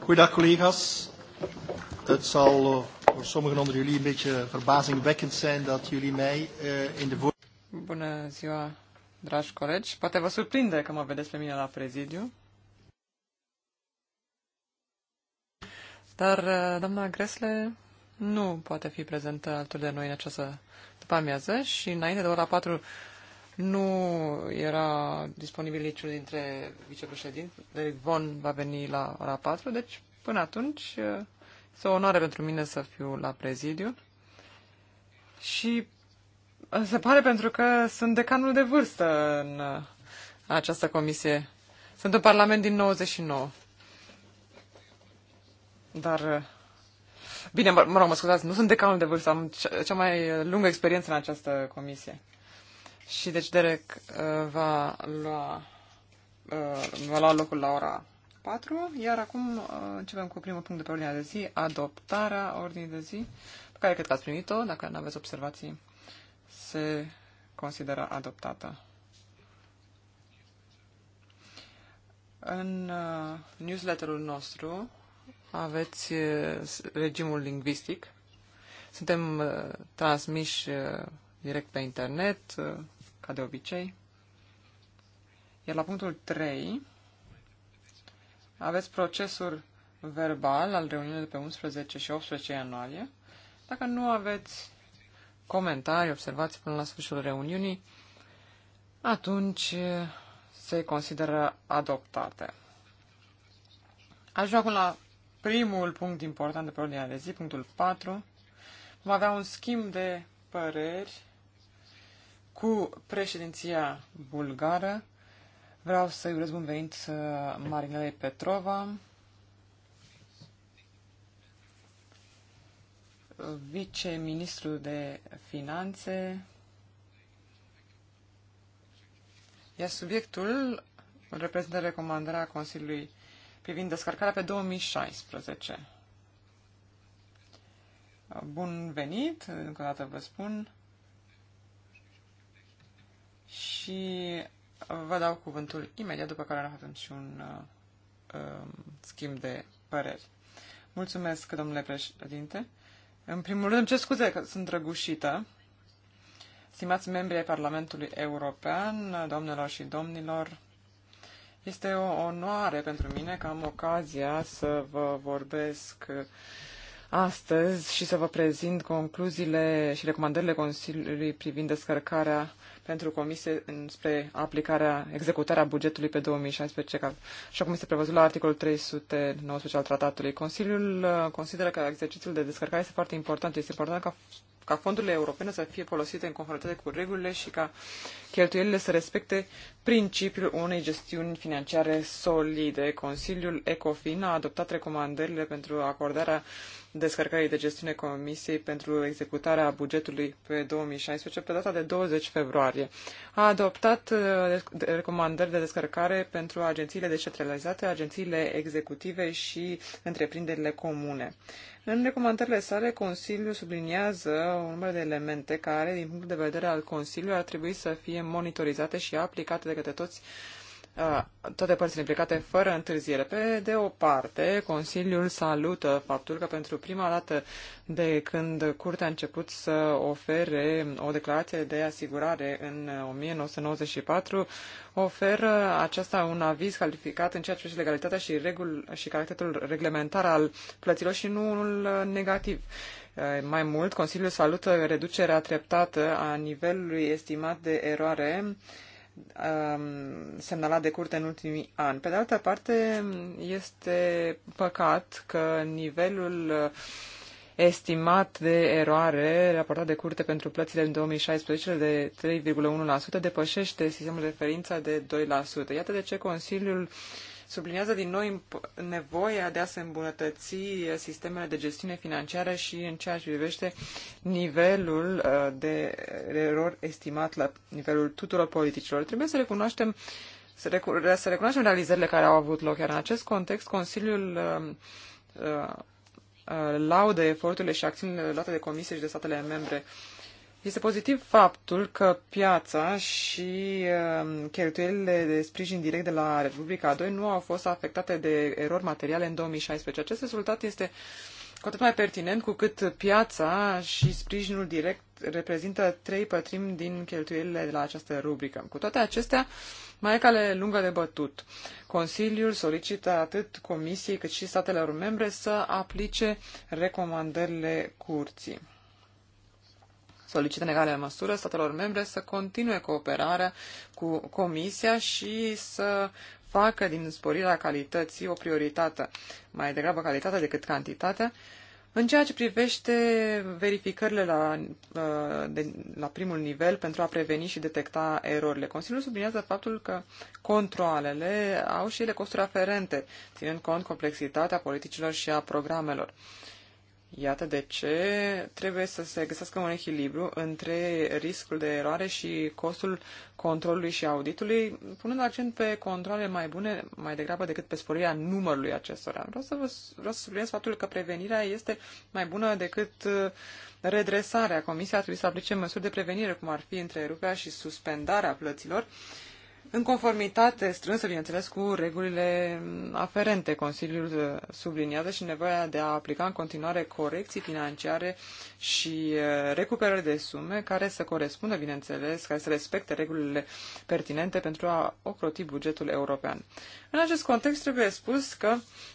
Goedendag collega's. Het zal eh, voor sommigen onder jullie een beetje verbazingwekkend zijn dat jullie mij uh, in de voor... Bună ziua, dragi colegi. Poate vă surprinde că mă vedeți pe mine la prezidiu. Dar eh, doamna Gresle nu poate fi prezentă altul de noi în această după amiază și înainte de ora 4 nu era disponibil niciunul dintre vicepreședinți. Derek Von va veni la ora 4, deci până atunci este o onoare pentru mine să fiu la prezidiu. Și se pare pentru că sunt decanul de vârstă în această comisie. Sunt în Parlament din 99. Dar, bine, mă, rog, mă scuzați, nu sunt decanul de vârstă, am cea mai lungă experiență în această comisie. Și deci Derek uh, va lua, uh, va lua locul la ora 4, iar acum uh, începem cu primul punct de pe ordinea de zi, adoptarea ordinii de zi, pe care cred că ați primit-o, dacă nu aveți observații, se consideră adoptată. În newsletterul nostru aveți regimul lingvistic. Suntem transmiși direct pe internet, ca de obicei. Iar la punctul 3 aveți procesul verbal al reuniunii de pe 11 și 18 ianuarie. Dacă nu aveți comentarii, observații până la sfârșitul reuniunii, atunci eh, se consideră adoptate. Ajung acum la primul punct important de pe ordinea de zi, punctul 4. Vom avea un schimb de păreri cu președinția bulgară. Vreau să-i urez bun venit uh, Marinelei Petrova, viceministru de finanțe. Iar subiectul reprezintă recomandarea Consiliului privind descărcarea pe 2016. Bun venit, încă o dată vă spun și uh, vă dau cuvântul imediat, după care avem și un uh, um, schimb de păreri. Mulțumesc, domnule președinte. În primul rând, ce scuze că sunt răgușită. Stimați membri ai Parlamentului European, domnilor și domnilor, este o onoare pentru mine că am ocazia să vă vorbesc uh, astăzi și să vă prezint concluziile și recomandările Consiliului privind descărcarea pentru comisie spre aplicarea, executarea bugetului pe 2016, ca, așa cum este prevăzut la articolul 319 al tratatului. Consiliul uh, consideră că exercițiul de descărcare este foarte important. Este important ca ca fondurile europene să fie folosite în conformitate cu regulile și ca cheltuielile să respecte principiul unei gestiuni financiare solide. Consiliul ECOFIN a adoptat recomandările pentru acordarea descărcării de gestiune Comisiei pentru executarea bugetului pe 2016 pe data de 20 februarie. A adoptat uh, recomandări de descărcare pentru agențiile descentralizate, agențiile executive și întreprinderile comune. În recomandările sale, Consiliul subliniază un număr de elemente care, din punct de vedere al Consiliului, ar trebui să fie monitorizate și aplicate de către toți uh, Uh, toate părțile implicate fără întârziere. Pe de o parte, Consiliul salută faptul că pentru prima dată de când Curtea a început să ofere o declarație de asigurare în 1994, oferă aceasta un aviz calificat în ceea ce privește legalitatea și, regul, și caracterul reglementar al plăților și nu unul negativ. Uh, mai mult, Consiliul salută reducerea treptată a nivelului estimat de eroare semnalat de curte în ultimii ani. Pe de altă parte, este păcat că nivelul estimat de eroare raportat de curte pentru plățile în 2016 de 3,1% depășește sistemul de referință de 2%. Iată de ce Consiliul uh, subliniază din nou nevoia de a se îmbunătăți sistemele de gestiune financiară și în ceea ce privește nivelul uh, de erori estimat la nivelul tuturor politicilor. Trebuie să recunoaștem să, recu- să recunoaștem realizările care au avut loc, iar în acest context Consiliul uh, uh, uh laudă eforturile și acțiunile luate de Comisie și de statele membre este pozitiv faptul că piața și um, cheltuielile de sprijin direct de la Republica 2 nu au fost afectate de erori materiale în 2016. Acest rezultat este cu atât mai pertinent cu cât piața și sprijinul direct reprezintă trei pătrimi din cheltuielile de la această rubrică. Cu toate acestea, mai e cale lungă de bătut. Consiliul solicită atât Comisiei cât și statelor membre să aplice recomandările curții solicită în egală măsură statelor membre să continue cooperarea cu Comisia și să facă din sporirea calității o prioritate, mai degrabă calitatea decât cantitatea, în ceea ce privește verificările la, uh, de, la primul nivel pentru a preveni și detecta erorile, Consiliul subliniază faptul că controalele au și ele costuri aferente, ținând cont complexitatea politicilor și a programelor. Iată de ce trebuie să se găsească un echilibru între riscul de eroare și costul controlului și auditului, punând accent pe controle mai bune, mai degrabă decât pe sporirea numărului acestora. Vreau să, vă, vreau să subliniez faptul că prevenirea este mai bună decât uh, redresarea. Comisia ar trebui să aplice măsuri de prevenire, cum ar fi întreruperea și suspendarea plăților, în conformitate strânsă, bineînțeles, cu regulile aferente. Consiliul uh, subliniază și nevoia de a aplica în continuare corecții financiare și uh, recuperări de sume care să corespundă, bineînțeles, care să respecte regulile pertinente pentru a ocroti bugetul european. În acest context trebuie spus că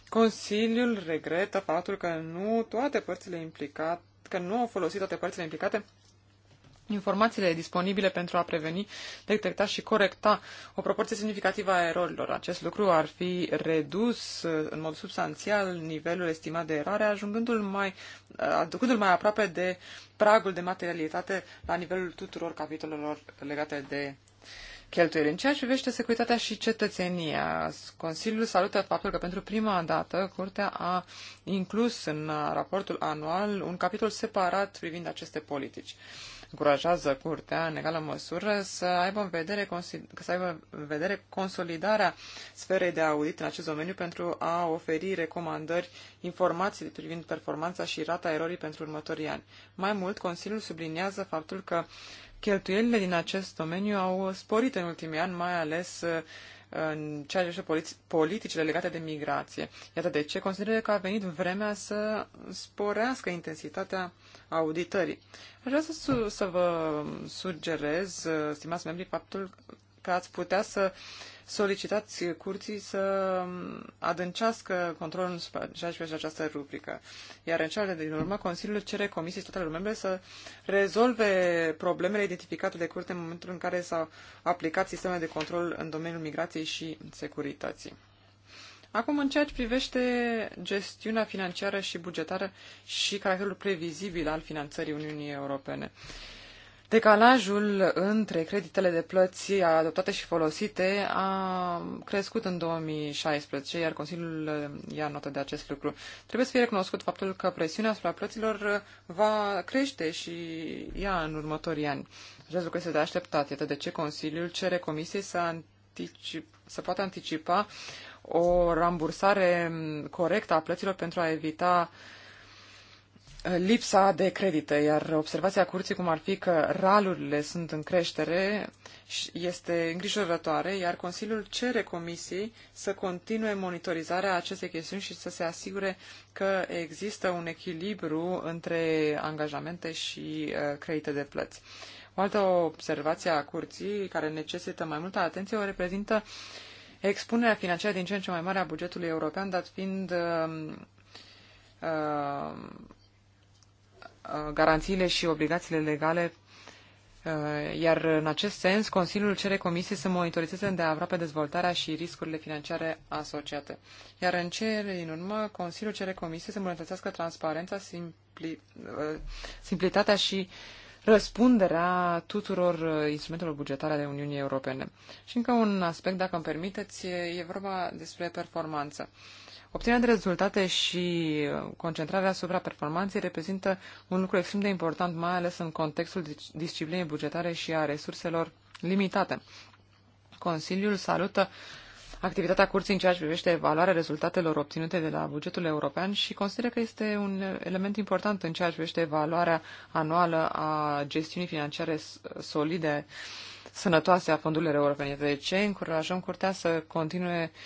Consiliul regretă faptul că nu toate părțile implicate că nu au folosit toate părțile implicate informațiile disponibile pentru a preveni, detecta și corecta o proporție semnificativă a erorilor. Acest lucru ar fi redus în mod substanțial nivelul estimat de eroare, ajungându-l mai, aducându-l mai aproape de pragul de materialitate la nivelul tuturor capitolelor legate de cheltuieli. În ceea ce privește securitatea și cetățenia, Consiliul salută faptul că pentru prima dată Curtea a inclus în raportul anual un capitol separat privind aceste politici încurajează curtea, în egală măsură, să aibă în vedere, să aibă în vedere consolidarea sferei de audit în acest domeniu pentru a oferi recomandări, informații privind performanța și rata erorii pentru următorii ani. Mai mult, Consiliul subliniază faptul că cheltuielile din acest domeniu au sporit în ultimii ani, mai ales în ceea ce politicile legate de migrație. Iată de ce consider că a venit vremea să sporească intensitatea auditării. Aș vrea să, să vă sugerez, stimați membrii, faptul că ați putea să uh, solicitați curții să adâncească controlul și pe această rubrică. Iar în cele din urmă, Consiliul cere Comisiei statelor membre să rezolve problemele identificate de curte în momentul în care s-au aplicat sisteme de control în domeniul migrației și securității. Acum, în ceea ce privește gestiunea financiară și bugetară și caracterul previzibil al finanțării Uniunii Europene. Uh, Decalajul între creditele de plăți adoptate și folosite a crescut în 2016, iar Consiliul ia notă de acest lucru. Trebuie să fie recunoscut faptul că presiunea asupra plăților va crește și ea în următorii ani. Acest lucru este de așteptat, iată de ce Consiliul cere Comisiei să, anticip, să poată anticipa o rambursare corectă a plăților pentru a evita uh, lipsa de credite, iar observația curții cum ar fi că ralurile sunt în creștere este îngrijorătoare, iar Consiliul cere Comisiei să continue monitorizarea acestei chestiuni și să se asigure că există un echilibru între angajamente și uh, credite de plăți. O altă observație a curții care necesită mai multă atenție o reprezintă expunerea financiară din ce în ce mai mare a bugetului european, dat fiind um, uh, uh, Uh, garanțiile și obligațiile legale uh, iar în acest sens, Consiliul cere Comisiei să monitorizeze îndeaproape dezvoltarea și riscurile financiare asociate. Iar în cele din urmă, Consiliul cere Comisiei să îmbunătățească transparența, simpli, uh, simplitatea și răspunderea tuturor instrumentelor bugetare ale Uniunii Europene. Și încă un aspect, dacă îmi permiteți, e vorba despre performanță. Uh, Obținerea de rezultate și uh, concentrarea asupra performanței reprezintă un lucru extrem de important, mai ales în contextul disciplinei bugetare și a resurselor limitate. Consiliul salută activitatea curții în ceea ce privește evaluarea rezultatelor obținute de la bugetul european și consideră că este un element important în ceea ce privește evaluarea anuală a gestiunii financiare solide, sănătoase a fondurilor europene. De ce încurajăm curtea să continue uh,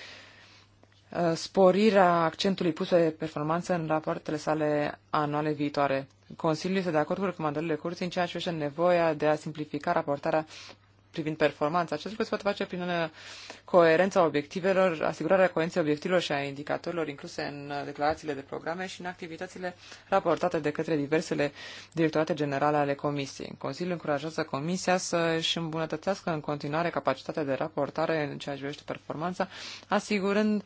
Uh, sporirea accentului pus pe performanță în rapoartele sale anuale viitoare. Consiliul este de acord cu recomandările curții în ceea ce nevoia de a simplifica raportarea privind performanța. Acest lucru se poate face prin coerența obiectivelor, asigurarea coerenței obiectivelor și a indicatorilor incluse în uh, declarațiile de programe și în activitățile raportate de către diversele directorate generale ale Comisiei. Consiliul încurajează Comisia să își îmbunătățească în continuare capacitatea de raportare în ceea ce privește performanța, asigurând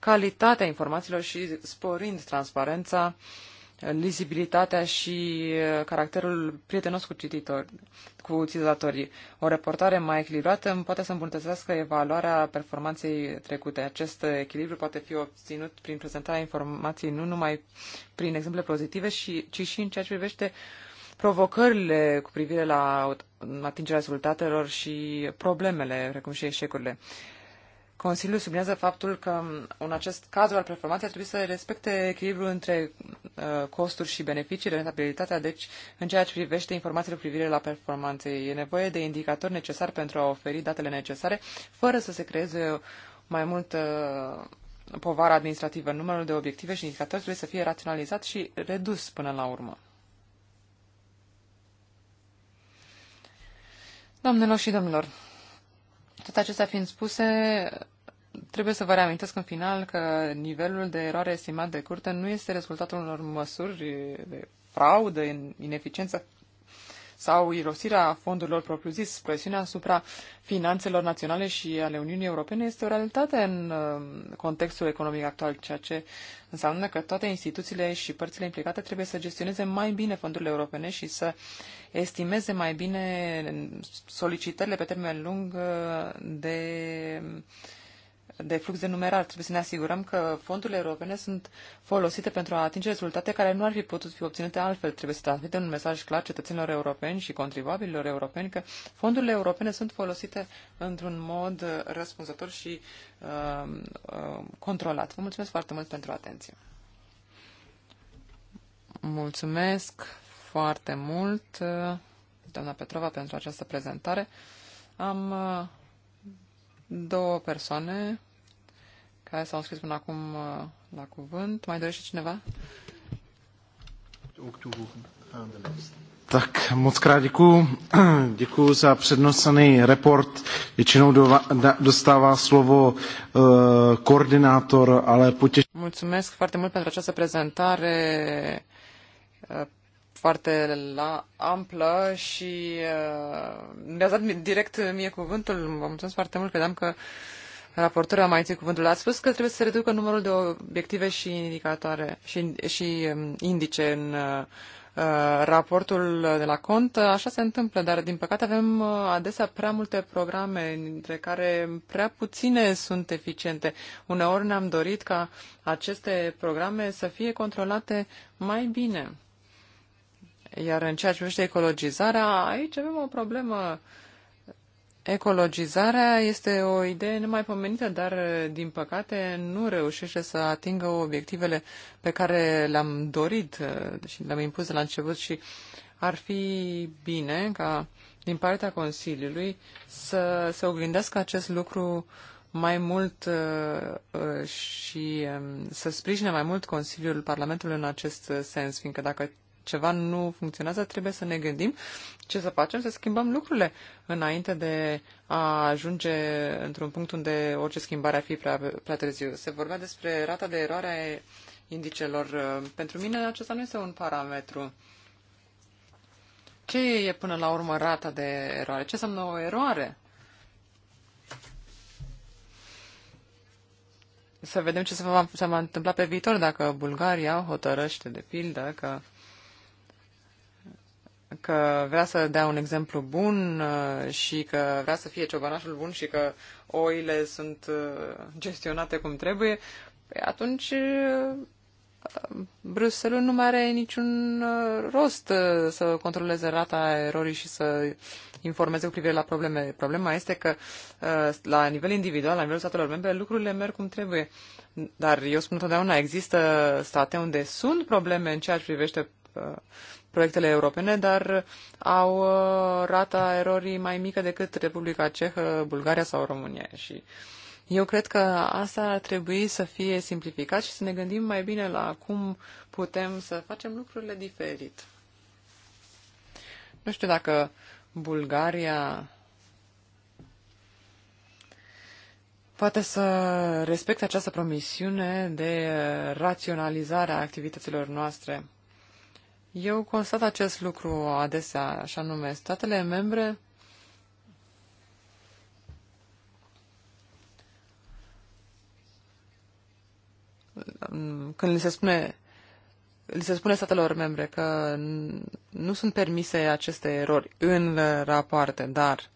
calitatea informațiilor și sporind transparența, lizibilitatea și uh, caracterul prietenos cu cititori, cu utilizatorii. O reportare mai echilibrată poate să îmbunătățească evaluarea performanței trecute. Acest echilibru poate fi obținut prin prezentarea informației nu numai prin exemple pozitive, ci și în ceea ce privește provocările cu privire la atingerea rezultatelor și problemele, precum și eșecurile. Consiliul sublinează faptul că în acest cadru al performanței ar trebui să respecte echilibrul între uh, costuri și beneficii, rentabilitatea, deci în ceea ce privește informațiile cu privire la performanțe. E nevoie de indicatori necesari pentru a oferi datele necesare, fără să se creeze mai mult uh, povară administrativă. Numărul de obiective și indicatori trebuie să fie raționalizat și redus până la urmă. Doamnelor și domnilor, tot acestea fiind spuse, trebuie să vă reamintesc în final că nivelul de eroare estimat de curte nu este rezultatul unor măsuri de fraudă, ineficiență sau irosirea fondurilor propriu-zis, presiunea asupra finanțelor naționale și ale Uniunii Europene este o realitate în uh, contextul economic actual, ceea ce înseamnă că toate instituțiile și părțile implicate trebuie să gestioneze mai bine fondurile europene și să estimeze mai bine solicitările pe termen lung uh, de de flux de numerar. Trebuie să ne asigurăm că fondurile europene sunt folosite pentru a atinge rezultate care nu ar fi putut fi obținute altfel. Trebuie să transmitem un mesaj clar cetățenilor europeni și contribuabililor europeni că fondurile europene sunt folosite într-un mod răspunzător și uh, uh, controlat. Vă mulțumesc foarte mult pentru atenție. Mulțumesc foarte mult, doamna Petrova, pentru această prezentare. Am uh, două persoane care s-au înscris până acum uh, la cuvânt. Mai dorește cineva? Tak moc krát děkuju. Děkuju za přednosený report. Většinou do, da, dostává slovo uh, koordinátor, ale potěš... Mulțumesc foarte mult pentru această prezentare uh, foarte la amplă și uh, mi-a dat direct mie cuvântul. Vă mulțumesc foarte mult. Credeam că uh, raportorul a mai întâi cuvântul, ați spus că trebuie să se reducă numărul de obiective și indicatoare și, și um, indice în uh, uh, raportul de la cont. Așa se întâmplă, dar din păcate avem uh, adesea prea multe programe, dintre care prea puține sunt eficiente. Uneori ne-am dorit ca aceste programe să fie controlate mai bine. Iar în ceea ce privește ecologizarea, aici avem o problemă uh, Ecologizarea este o idee nemaipomenită, dar, din păcate, nu reușește să atingă obiectivele pe care le-am dorit și uh, deci le-am impus de la început și ar fi bine ca, din partea Consiliului, să se oglindească acest lucru mai mult uh, uh, și um, să sprijine mai mult Consiliul Parlamentului în acest sens, fiindcă dacă ceva nu funcționează, trebuie să ne gândim ce să facem, să schimbăm lucrurile înainte de a ajunge într-un punct unde orice schimbare ar fi prea, prea târziu. Se vorbea despre rata de eroare a indicelor. Pentru mine acesta nu este un parametru. Ce e până la urmă rata de eroare? Ce înseamnă o eroare? Să vedem ce se va, se va întâmpla pe viitor dacă Bulgaria hotărăște, de pildă, că că vrea să dea un exemplu bun uh, și că vrea să fie ciobanașul bun și că oile sunt uh, gestionate cum trebuie, păi atunci uh, Bruselul nu mai are niciun rost să controleze rata erorii și să informeze cu privire la probleme. Problema este că la nivel individual, la nivelul statelor membre, lucrurile merg cum trebuie. Dar eu spun întotdeauna, există state unde sunt probleme în ceea ce privește proiectele europene, dar au uh, rata erorii mai mică decât Republica Cehă, Bulgaria sau România. Și eu cred că asta ar trebui să fie simplificat și să ne gândim mai bine la cum putem să facem lucrurile diferit. Nu știu dacă Bulgaria poate să respecte această promisiune de raționalizare a activităților noastre. Eu constat acest lucru adesea, așa nume, statele membre când li se spune li se spune statelor membre că nu sunt permise aceste erori în rapoarte, dar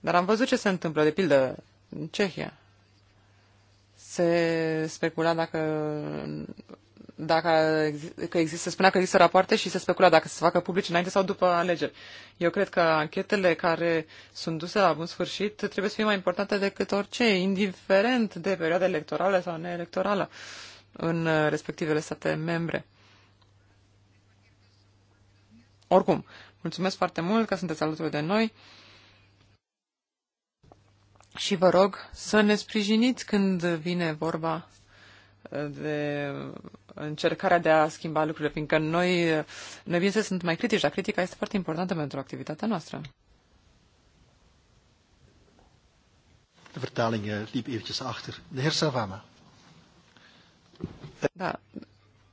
dar am văzut ce se întâmplă, de pildă, în Cehia. Se specula dacă dacă că există, se spunea că există rapoarte și se specula dacă se facă publice înainte sau după alegeri. Eu cred că anchetele care sunt duse la bun sfârșit trebuie să fie mai importante decât orice, indiferent de perioada electorală sau neelectorală în uh, respectivele state membre. Oricum, mulțumesc foarte mult că sunteți alături de noi și vă rog să ne sprijiniți când vine vorba de încercarea de a schimba lucrurile, fiindcă noi, noi bine să sunt mai critici, dar critica este foarte importantă pentru activitatea noastră. De vertaling liep eventjes achter. De heer Sarvama. Da,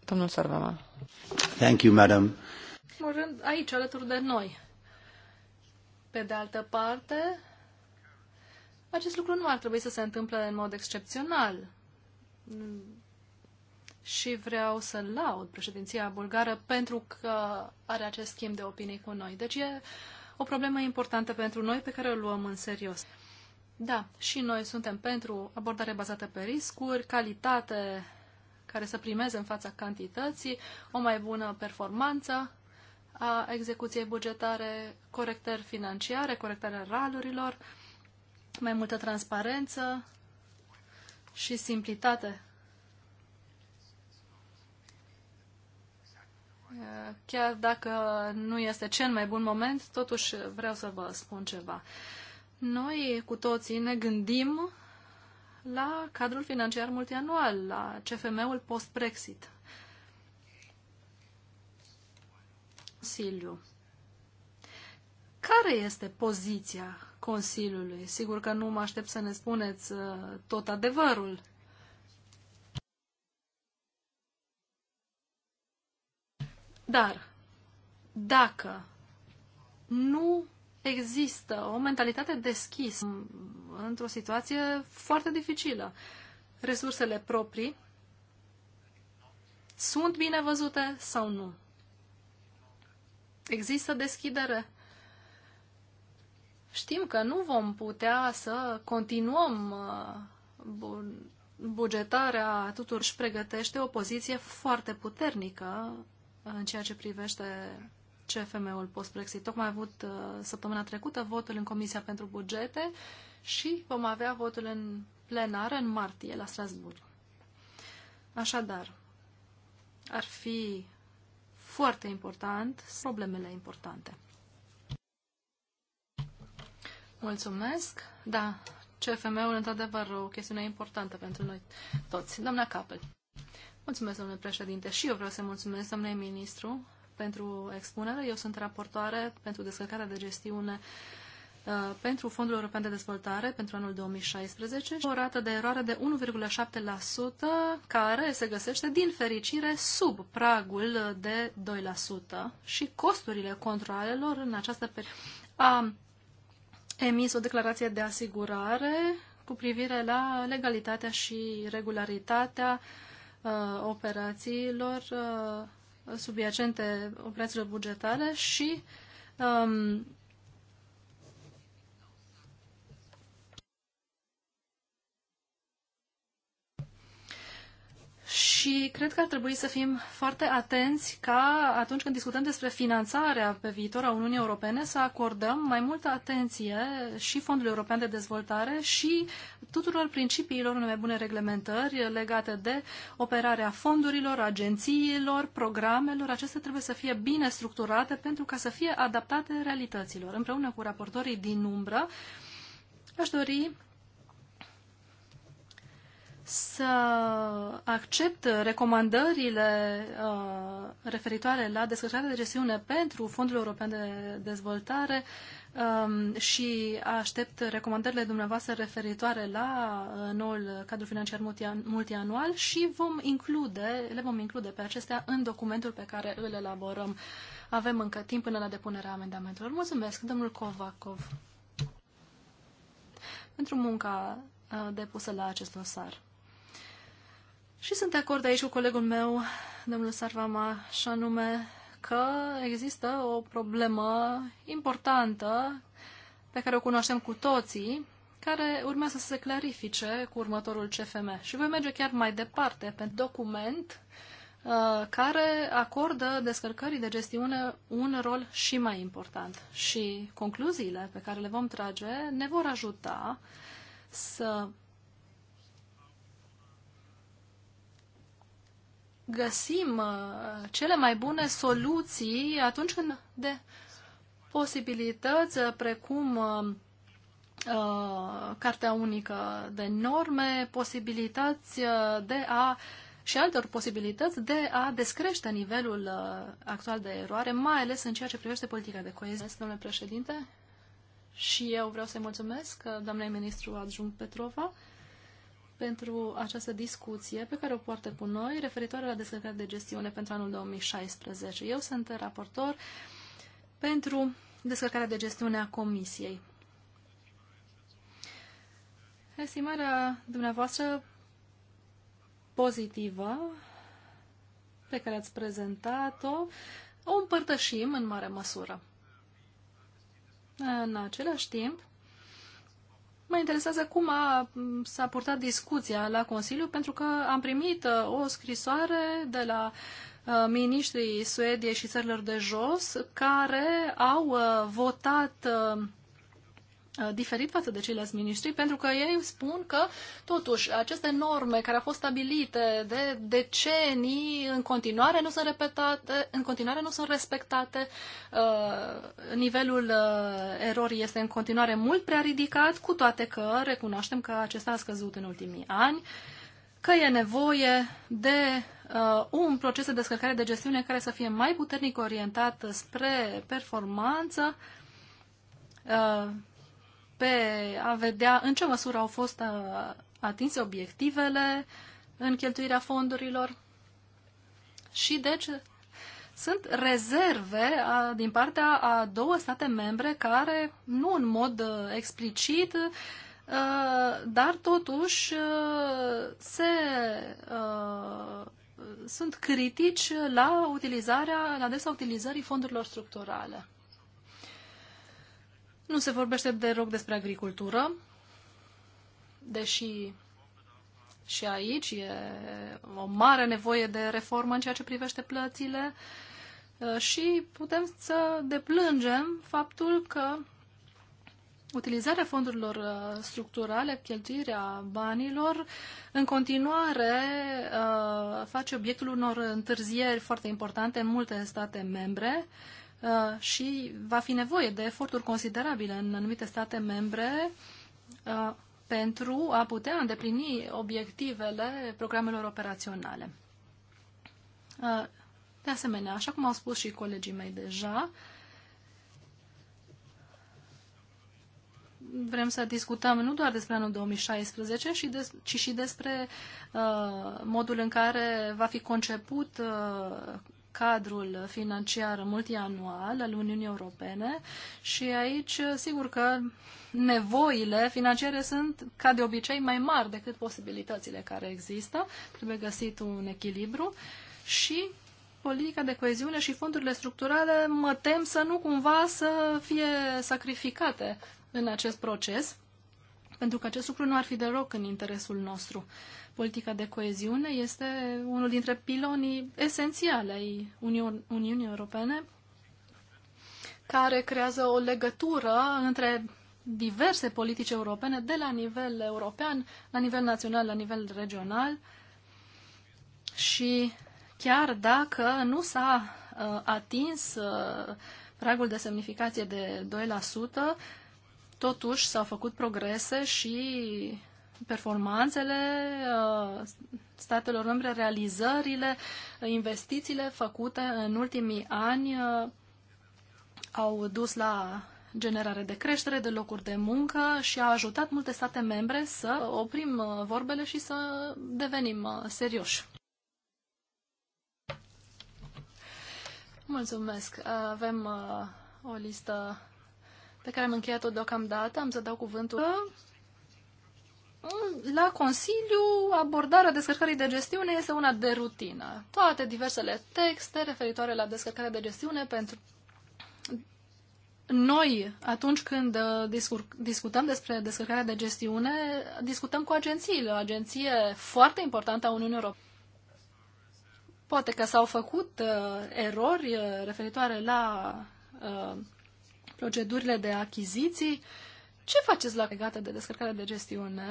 domnul Sarvama. Thank you, madam. În rând, aici, alături de noi. Pe de altă parte, acest lucru nu ar trebui să se întâmple în mod excepțional și vreau să laud președinția bulgară pentru că are acest schimb de opinii cu noi. Deci e o problemă importantă pentru noi pe care o luăm în serios. Da, și noi suntem pentru abordare bazată pe riscuri, calitate care să primeze în fața cantității, o mai bună performanță a execuției bugetare, corectări financiare, corectarea ralurilor, mai multă transparență și simplitate. Chiar dacă nu este cel mai bun moment, totuși vreau să vă spun ceva. Noi cu toții ne gândim la cadrul financiar multianual, la CFM-ul post-Brexit. Siliu, care este poziția Consiliului. Sigur că nu mă aștept să ne spuneți uh, tot adevărul. Dar, dacă nu există o mentalitate deschisă într-o situație foarte dificilă, resursele proprii sunt bine văzute sau nu? Există deschidere știm că nu vom putea să continuăm uh, bugetarea, tuturor și pregătește o poziție foarte puternică uh, în ceea ce privește CFM-ul post-Brexit. Tocmai a avut uh, săptămâna trecută votul în Comisia pentru Bugete și vom avea votul în plenară în martie la Strasburg. Așadar, ar fi foarte important problemele importante. Mulțumesc. Da, CFM-ul, într-adevăr, o chestiune importantă pentru noi toți. Doamna Capel. Mulțumesc, domnule președinte. Și eu vreau să mulțumesc, domnule ministru, pentru expunere. Eu sunt raportoare pentru descărcarea de gestiune uh, pentru Fondul European de Dezvoltare pentru anul 2016 o rată de eroare de 1,7% care se găsește din fericire sub pragul de 2% și costurile controalelor în această perioadă a emis o declarație de asigurare cu privire la legalitatea și regularitatea uh, operațiilor uh, subiacente operațiilor bugetare și um, Și cred că ar trebui să fim foarte atenți ca atunci când discutăm despre finanțarea pe viitor a Uniunii Europene să acordăm mai multă atenție și Fondului European de Dezvoltare și tuturor principiilor unei mai bune reglementări legate de operarea fondurilor, agențiilor, programelor. Acestea trebuie să fie bine structurate pentru ca să fie adaptate realităților. Împreună cu raportorii din umbră, aș dori să accept recomandările uh, referitoare la descărcarea de gestiune pentru Fondul European de Dezvoltare um, și aștept recomandările dumneavoastră referitoare la uh, noul cadru financiar multian, multianual și vom include, le vom include pe acestea în documentul pe care îl elaborăm. Avem încă timp până la depunerea amendamentelor. Mulțumesc, domnul Kovacov pentru munca uh, depusă la acest dosar. Și sunt de acord aici cu colegul meu, domnul Sarvama, și anume că există o problemă importantă pe care o cunoaștem cu toții, care urmează să se clarifice cu următorul CFM. Și voi merge chiar mai departe pe document uh, care acordă descărcării de gestiune un rol și mai important. Și concluziile pe care le vom trage ne vor ajuta să găsim uh, cele mai bune soluții atunci când de posibilități uh, precum uh, Cartea Unică de Norme, posibilități de a și altor posibilități de a descrește nivelul actual de eroare, mai ales în ceea ce privește politica de coeziune. Domnule președinte, și eu vreau să-i mulțumesc doamnei ministru adjunct Petrova pentru această discuție pe care o poartă cu noi referitoare la descărcarea de gestiune pentru anul 2016. Eu sunt raportor pentru descărcarea de gestiune a Comisiei. Estimarea dumneavoastră pozitivă pe care ați prezentat-o o împărtășim în mare măsură. În același timp, Mă interesează cum a, s-a purtat discuția la Consiliu, pentru că am primit uh, o scrisoare de la ministrii uh, miniștrii Suediei și țărilor de jos, care au uh, votat Uh, diferit față de ceilalți miniștri, pentru că ei spun că, totuși, aceste norme care au fost stabilite de decenii în continuare nu sunt repetate, în continuare nu sunt respectate, uh, nivelul uh, erorii este în continuare mult prea ridicat, cu toate că recunoaștem că acesta a scăzut în ultimii ani, că e nevoie de un proces de descărcare de gestiune care să fie mai puternic orientat spre performanță, pe a vedea în ce măsură au fost uh, atinse obiectivele în cheltuirea fondurilor. Și deci sunt rezerve a, uh, din partea a două state membre care, nu în mod uh, explicit, dar totuși se, sunt critici la utilizarea, la adresa utilizării fondurilor structurale. Nu se vorbește deloc despre agricultură, deși și aici e o mare nevoie de reformă în ceea ce privește plățile uh, și putem să deplângem faptul că utilizarea fondurilor uh, structurale, cheltuirea banilor, în continuare uh, face obiectul unor întârzieri foarte importante în multe state membre Uh, și va fi nevoie de eforturi considerabile în anumite state membre uh, pentru a putea îndeplini obiectivele programelor operaționale. Uh, de asemenea, așa cum au spus și colegii mei deja, vrem să discutăm nu doar despre anul 2016, ci, și despre modul în care va fi conceput cadrul financiar multianual al Uniunii Europene și aici, sigur că nevoile financiare sunt, ca de obicei, mai mari decât posibilitățile care există. Trebuie găsit un echilibru și politica de coeziune și fondurile structurale mă tem să nu cumva să fie sacrificate în acest proces pentru că acest lucru nu ar fi deloc în interesul nostru. Politica de coeziune este unul dintre pilonii esențiale ai Uniunii Europene, care creează o legătură între diverse politici europene de la nivel european, la nivel național, la nivel regional și chiar dacă nu s-a uh, atins uh, pragul de semnificație de 2%, Totuși s-au făcut progrese și performanțele uh, statelor membre, realizările, investițiile făcute în ultimii ani uh, au dus la generare de creștere, de locuri de muncă și a ajutat multe state membre să oprim uh, vorbele și să devenim serioși. Mulțumesc. Avem o listă pe care am încheiat-o deocamdată, am să dau cuvântul uh, la Consiliu, abordarea descărcării de gestiune este una de rutină. Toate diversele texte referitoare la descărcarea de gestiune pentru noi, atunci când uh, discutăm despre descărcarea de gestiune, discutăm cu agențiile, o agenție foarte importantă a Uniunii Europene. Poate că s-au făcut uh, erori uh, referitoare la uh, procedurile de achiziții. Ce faceți la legată de descărcare de gestiune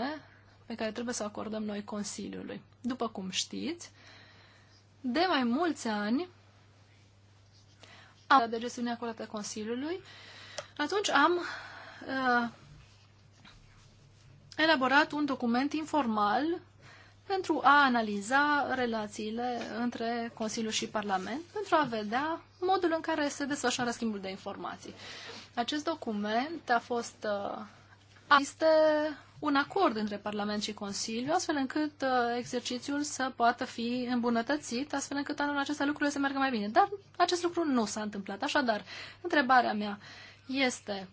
pe care trebuie să o acordăm noi Consiliului? După cum știți, de mai mulți ani, am de gestiune acordată Consiliului, atunci am uh, elaborat un document informal pentru a analiza relațiile între Consiliu și Parlament, pentru a vedea modul în care se desfășoară schimbul de informații. Acest document a fost A, uh, este un acord între Parlament și Consiliu, astfel încât uh, exercițiul să poată fi îmbunătățit, astfel încât anul acesta lucrurile să meargă mai bine. Dar acest lucru nu s-a întâmplat. Așadar, întrebarea mea este,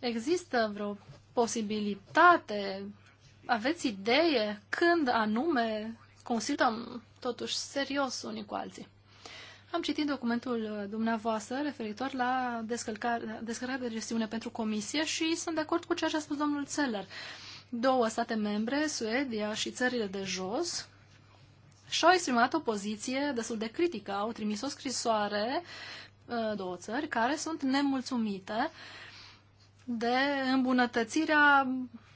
există vreo posibilitate aveți idee când anume consultăm totuși serios unii cu alții? Am citit documentul dumneavoastră referitor la descărcarea descărcare de gestiune pentru comisie și sunt de acord cu ceea ce a spus domnul Țeller. Două state membre, Suedia și țările de jos, și-au exprimat o poziție destul de critică. Au trimis o scrisoare, uh, două țări, care sunt nemulțumite uh, de îmbunătățirea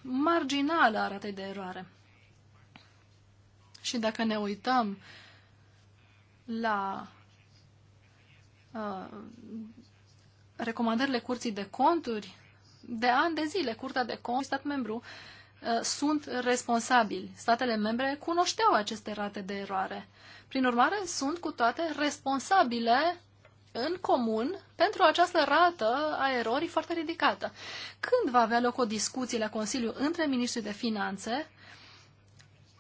marginală a ratei de eroare. Și dacă ne uităm la uh, recomandările curții de conturi, de ani de zile, Curtea de Conturi, stat membru, uh, sunt responsabili. Statele membre cunoșteau aceste rate de eroare. Prin urmare, sunt cu toate responsabile în comun pentru această rată a erorii foarte ridicată. Când va avea loc o discuție la Consiliu între ministrii de finanțe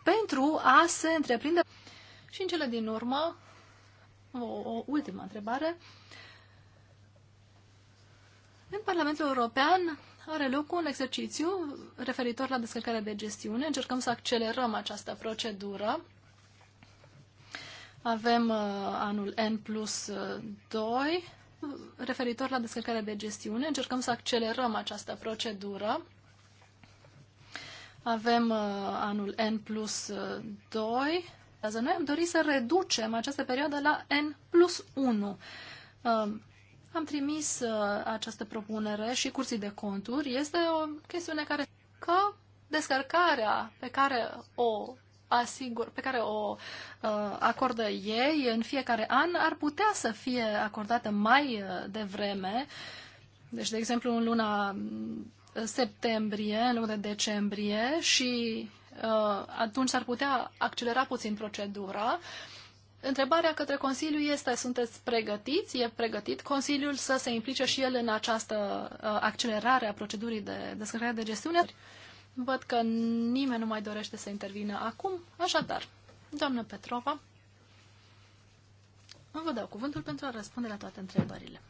pentru a se întreprinde? Și în cele din urmă, o, o ultimă întrebare. În Parlamentul European are loc un exercițiu referitor la descărcarea de gestiune. Încercăm să accelerăm această procedură avem uh, anul N plus 2 uh, referitor la descărcarea de gestiune. Încercăm să accelerăm această procedură. Avem uh, anul N plus 2. Deci noi am dorit să reducem această perioadă la N plus 1. Um, am trimis această propunere și curții de conturi. Este o chestiune care, că descărcarea pe care o asigur, pe care o uh, acordă ei în fiecare an ar putea să fie acordată mai uh, devreme. Deci, de exemplu, în luna mm, septembrie, în luna de decembrie și uh, atunci s-ar putea accelera puțin procedura. Întrebarea către Consiliu este, sunteți pregătiți? E pregătit Consiliul să se implice și el în această uh, accelerare a procedurii de descărcare de gestiune? Uh, Văd că nimeni nu mai dorește să intervină acum, așadar, doamnă Petrova, vă dau cuvântul pentru a răspunde la toate întrebările.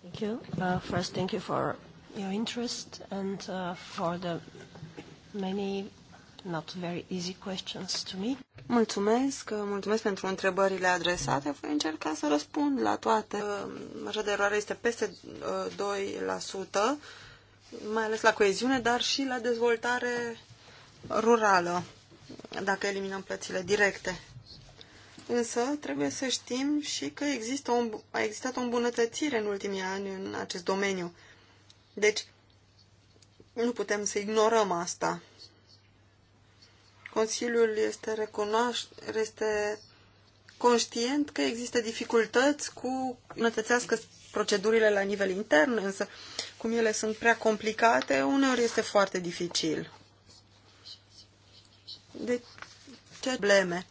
Thank you. Uh, first, thank you for your interest and uh, for the many not very easy questions to me. Mulțumesc, uh, mulțumesc pentru întrebările adresate. Voi încerca să răspund la toate. Uh, Marja de eroare este peste uh, 2% mai ales la coeziune, dar și la dezvoltare rurală, dacă eliminăm plățile directe. Însă trebuie să știm și că există o, a existat o îmbunătățire în ultimii ani în acest domeniu. Deci, nu putem să ignorăm asta. Consiliul este, recunoaș, este conștient că există dificultăți cu nătățească procedurile la nivel intern, însă cum ele sunt prea complicate, uneori este foarte dificil. De ce probleme?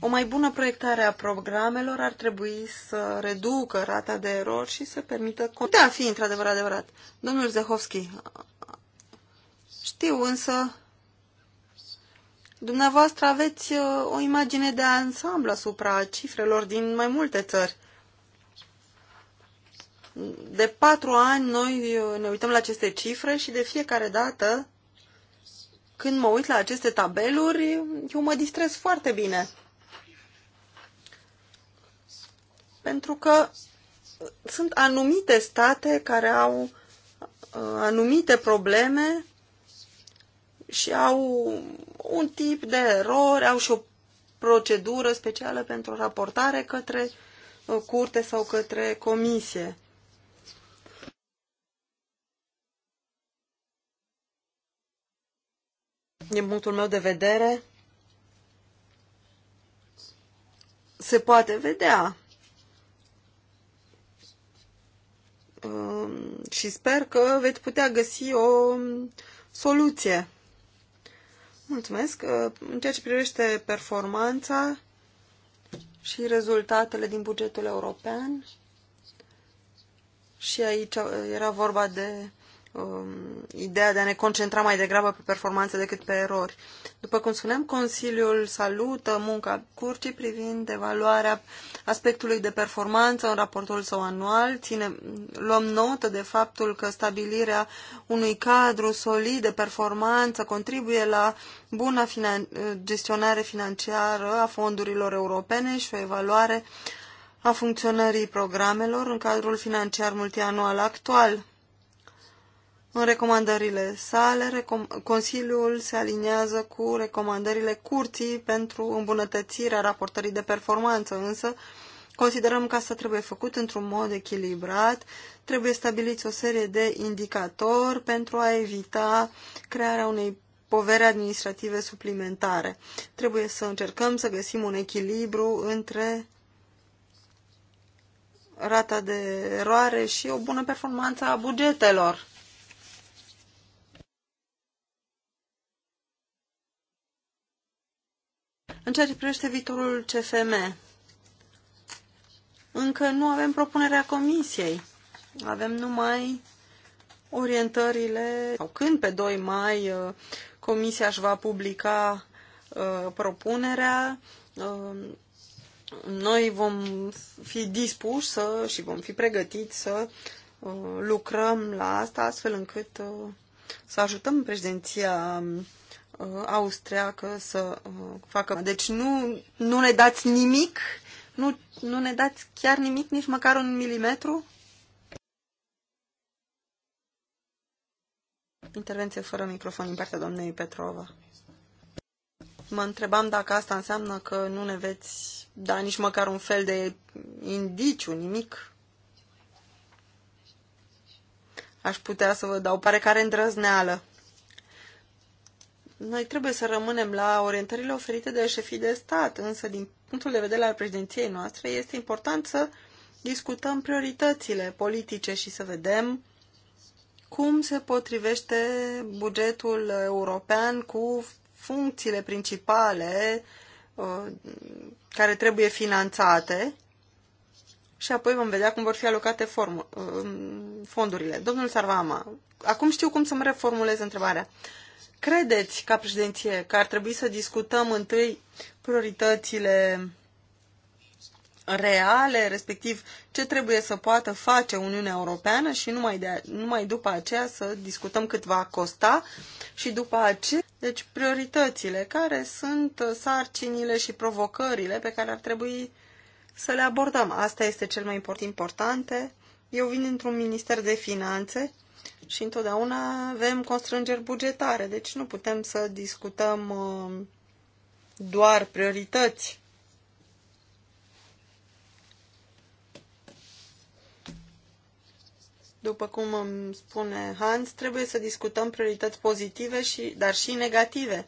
O mai bună proiectare a programelor ar trebui să reducă rata de erori și să permită... Putea fi într-adevăr adevărat. Domnul Zehovski, știu însă Dumneavoastră aveți uh, o imagine de ansamblu asupra cifrelor din mai multe țări. De patru ani noi uh, ne uităm la aceste cifre și de fiecare dată când mă uit la aceste tabeluri, eu mă distrez foarte bine. Pentru că sunt anumite state care au uh, anumite probleme și au un tip de erori, au și o procedură specială pentru raportare către uh, curte sau către comisie. Din punctul meu de vedere, se poate vedea. Um, și sper că veți putea găsi o soluție. Mulțumesc. Uh, în ceea ce privește performanța și rezultatele din bugetul european, și aici era vorba de Um, ideea de a ne concentra mai degrabă pe performanțe decât pe erori. După cum spuneam, Consiliul salută munca curții privind evaluarea aspectului de performanță în raportul său anual. Ține, luăm notă de faptul că stabilirea unui cadru solid de performanță contribuie la buna finan- gestionare financiară a fondurilor europene și o evaluare a funcționării programelor în cadrul financiar multianual actual. În recomandările sale, recom Consiliul se aliniază cu recomandările curții pentru îmbunătățirea raportării de performanță, însă considerăm că asta trebuie făcut într-un mod echilibrat, trebuie stabiliți o serie de indicatori pentru a evita crearea unei povere administrative suplimentare. Trebuie să încercăm să găsim un echilibru între rata de eroare și o bună performanță a bugetelor. În ceea ce privește viitorul CFM, încă nu avem propunerea comisiei. Avem numai orientările sau când pe 2 mai uh, comisia își va publica uh, propunerea, uh, noi vom fi dispuși să și vom fi pregătiți să lucrăm la asta astfel încât să ajutăm președinția um, Uh, austriacă să uh, facă. Deci nu, nu ne dați nimic? Nu, nu ne dați chiar nimic, nici măcar un milimetru? Intervenție fără microfon din partea doamnei Petrova. Mă întrebam dacă asta înseamnă că nu ne veți da nici măcar un fel de indiciu, nimic. Aș putea să vă dau pare care îndrăzneală. Noi trebuie să rămânem la orientările oferite de șefii de stat, însă din punctul de vedere al președinției noastre este important să discutăm prioritățile politice și să vedem cum se potrivește bugetul european cu funcțiile principale uh, care trebuie finanțate și apoi vom vedea cum vor fi alocate uh, fondurile. Domnul Sarvama, acum știu cum să-mi reformulez întrebarea credeți ca președinție că ar trebui să discutăm întâi prioritățile reale, respectiv ce trebuie să poată face Uniunea Europeană și numai, de, numai după aceea să discutăm cât va costa și după aceea, deci prioritățile, care sunt sarcinile și provocările pe care ar trebui să le abordăm. Asta este cel mai important. Eu vin într-un minister de finanțe și întotdeauna avem constrângeri bugetare, deci nu putem să discutăm uh, doar priorități. După cum îmi spune Hans, trebuie să discutăm priorități pozitive, și, dar și negative.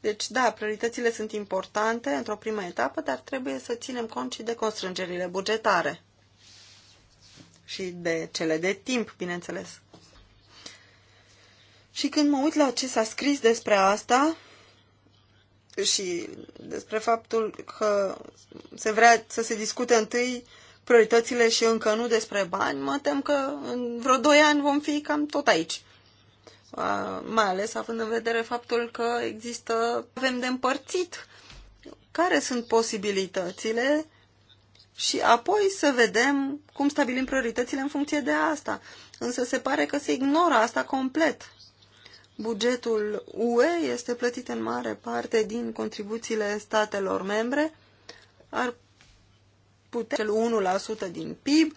Deci, da, prioritățile sunt importante într-o primă etapă, dar trebuie să ținem cont și de constrângerile bugetare și de cele de timp, bineînțeles. Și când mă uit la ce s-a scris despre asta și despre faptul că se vrea să se discute întâi prioritățile și încă nu despre bani, mă tem că în vreo doi ani vom fi cam tot aici. Mai ales având în vedere faptul că există, avem de împărțit care sunt posibilitățile și apoi să vedem cum stabilim prioritățile în funcție de asta. Însă se pare că se ignoră asta complet. Bugetul UE este plătit în mare parte din contribuțiile statelor membre, ar putea cel 1% din PIB,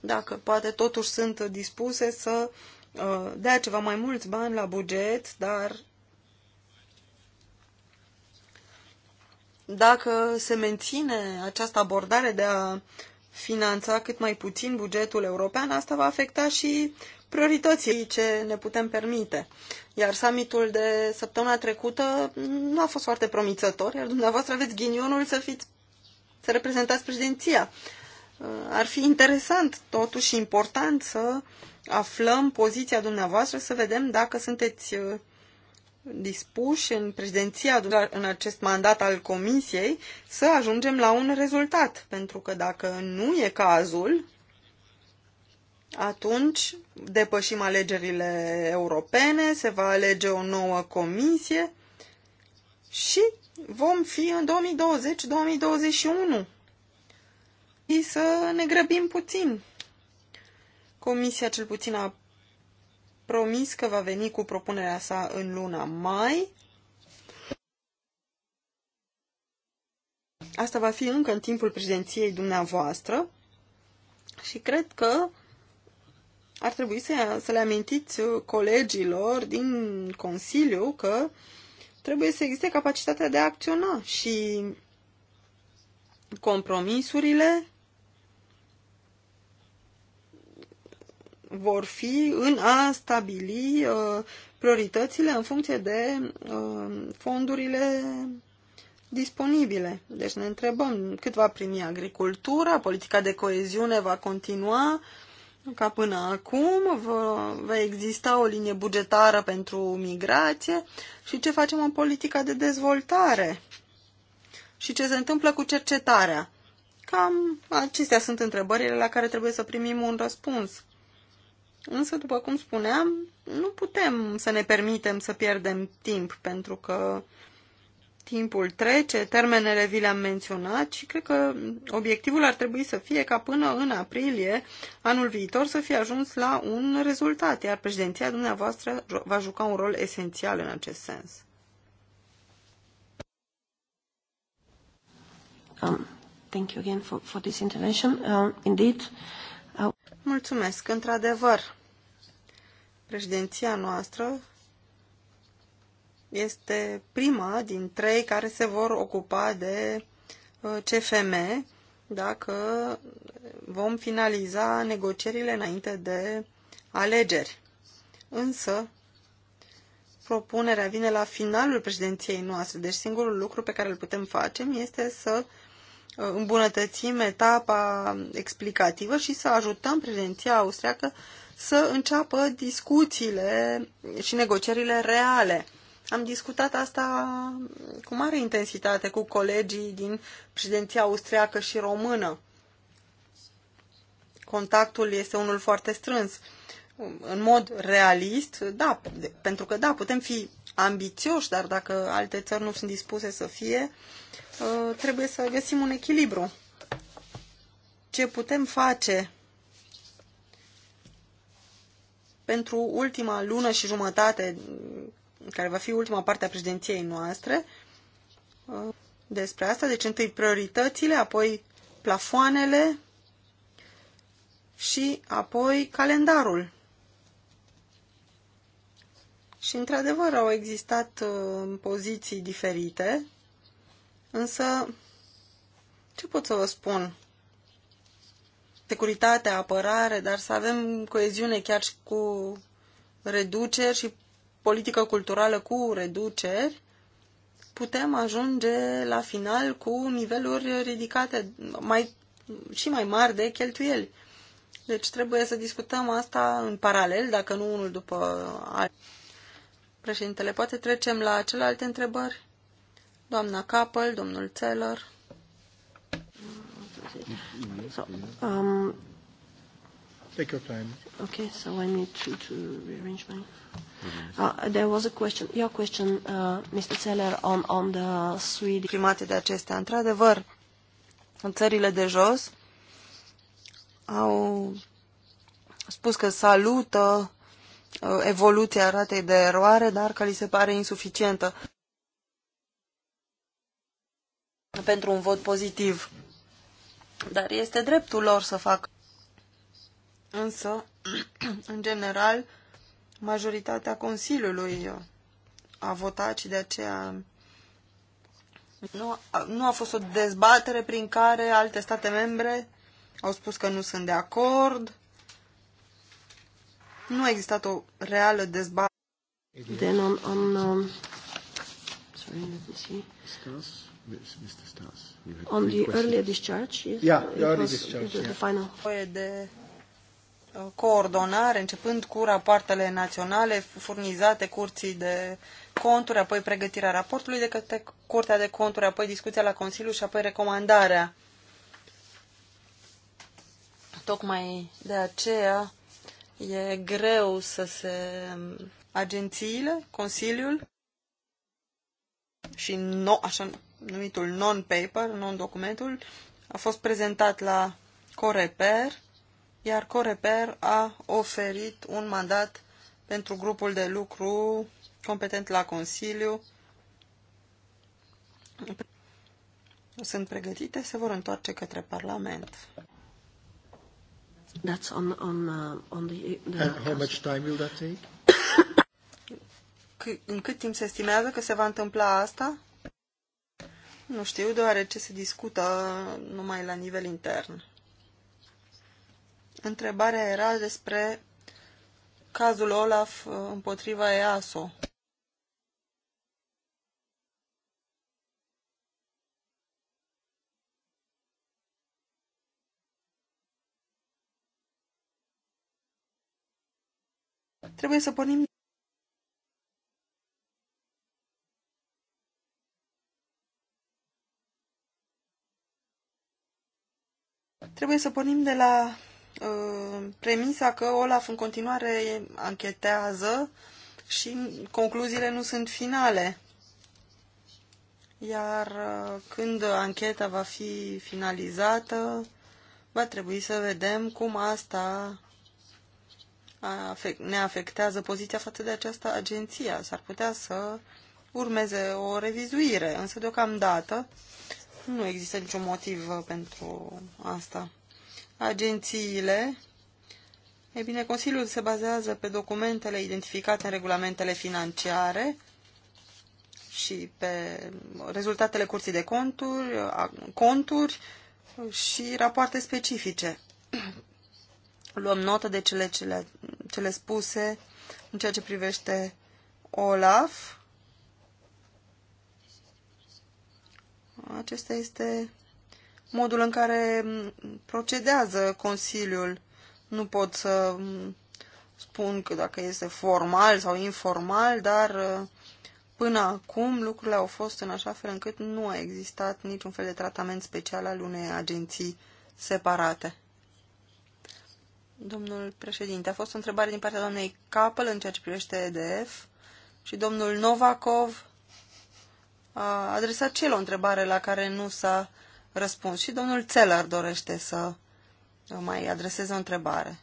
dacă poate totuși sunt dispuse să uh, dea ceva mai mulți bani la buget, dar dacă se menține această abordare de a finanța cât mai puțin bugetul european, asta va afecta și priorității ce ne putem permite. Iar summitul de săptămâna trecută nu a fost foarte promițător, iar dumneavoastră aveți ghinionul să fiți să reprezentați președinția. Uh, ar fi interesant, totuși important, să aflăm poziția dumneavoastră, să vedem dacă sunteți uh, dispuși în președinția în acest mandat al Comisiei să ajungem la un rezultat. Pentru că dacă nu e cazul, atunci depășim alegerile europene, se va alege o nouă comisie și vom fi în 2020-2021. Și să ne grăbim puțin. Comisia cel puțin a promis că va veni cu propunerea sa în luna mai. Asta va fi încă în timpul prezenției dumneavoastră și cred că ar trebui să, să le amintiți uh, colegilor din Consiliu că trebuie să existe capacitatea de a acționa și compromisurile vor fi în a stabili uh, prioritățile în funcție de uh, fondurile disponibile. Deci ne întrebăm cât va primi agricultura, politica de coeziune va continua, ca până acum va exista o linie bugetară pentru migrație și ce facem în politica de dezvoltare și ce se întâmplă cu cercetarea. Cam acestea sunt întrebările la care trebuie să primim un răspuns. Însă, după cum spuneam, nu putem să ne permitem să pierdem timp, pentru că timpul trece, termenele vi le-am menționat și cred că obiectivul ar trebui să fie ca până în aprilie anul viitor să fie ajuns la un rezultat, iar președinția dumneavoastră va juca un rol esențial în acest sens. Um, thank you again for, for this intervention. Uh, indeed, uh... Mulțumesc. Într-adevăr, președinția noastră este prima din trei care se vor ocupa de uh, CFM dacă vom finaliza negocierile înainte de alegeri. Însă, propunerea vine la finalul președinției noastre, deci singurul lucru pe care îl putem face este să uh, îmbunătățim etapa explicativă și să ajutăm președinția austriacă să înceapă discuțiile și negocierile reale. Am discutat asta cu mare intensitate cu colegii din președinția austriacă și română. Contactul este unul foarte strâns. În mod realist, da, pentru că da, putem fi ambițioși, dar dacă alte țări nu sunt dispuse să fie, uh, trebuie să găsim un echilibru. Ce putem face pentru ultima lună și jumătate care va fi ultima parte a președinției noastre, uh, despre asta. Deci întâi prioritățile, apoi plafoanele și apoi calendarul. Și într-adevăr au existat uh, poziții diferite, însă ce pot să vă spun? Securitate, apărare, dar să avem coeziune chiar și cu reduceri și politică culturală cu reduceri, putem ajunge la final cu niveluri ridicate mai, și mai mari de cheltuieli. Deci trebuie să discutăm asta în paralel, dacă nu unul după altul. Președintele, poate trecem la celelalte întrebări? Doamna Capel, domnul Țelăr. So, um, Take your time. Okay, so I need to, to rearrange my... Uh, there was a question, your question, uh, Mr. Seller, on, on the Swedish... ...climate de acestea. Într-adevăr, în țările de jos au spus că salută uh, evoluția ratei de eroare, dar că li se pare insuficientă pentru un vot pozitiv. Dar este dreptul lor să facă. Însă, în general, majoritatea Consiliului a votat și de aceea nu, nu a fost o dezbatere prin care alte state membre au spus că nu sunt de acord. Nu a existat o reală dezbatere. Then on, on um, sorry, let me see. Stas, Mr. Stas, on the earlier discharge, yes, yeah, the early discharge, yeah. the final. De coordonare, începând cu rapoartele naționale furnizate curții de conturi, apoi pregătirea raportului de către Curtea de Conturi, apoi discuția la Consiliu și apoi recomandarea. Tocmai de aceea e greu să se agențiile, Consiliul și no, așa numitul non-paper, non-documentul, a fost prezentat la Coreper, iar Coreper a oferit un mandat pentru grupul de lucru competent la Consiliu. Sunt pregătite, se vor întoarce către Parlament. That's on, on, uh, on the, the... And how much time will that take? în cât timp se estimează că se va întâmpla asta? Nu știu, deoarece se discută numai la nivel intern. Întrebarea era despre cazul Olaf uh, împotriva EASO. Trebuie să pornim Trebuie să pornim de la Uh, premisa că Olaf în continuare anchetează și concluziile nu sunt finale. Iar uh, când ancheta va fi finalizată, va trebui să vedem cum asta ne afectează poziția față de această agenție. S-ar putea să urmeze o revizuire, însă deocamdată nu există niciun motiv uh, pentru asta agențiile. E bine, Consiliul se bazează pe documentele identificate în regulamentele financiare și pe rezultatele curții de conturi, conturi și rapoarte specifice. Luăm notă de cele, cele, cele spuse în ceea ce privește OLAF. Acesta este modul în care mm, procedează Consiliul. Nu pot să mm, spun că dacă este formal sau informal, dar uh, până acum lucrurile au fost în așa fel încât nu a existat niciun fel de tratament special al unei agenții separate. Domnul președinte, a fost o întrebare din partea doamnei Capel în ceea ce privește EDF și domnul Novakov a adresat cel o întrebare la care nu s-a răspuns. Și domnul Țelăr dorește să mai adreseze o întrebare.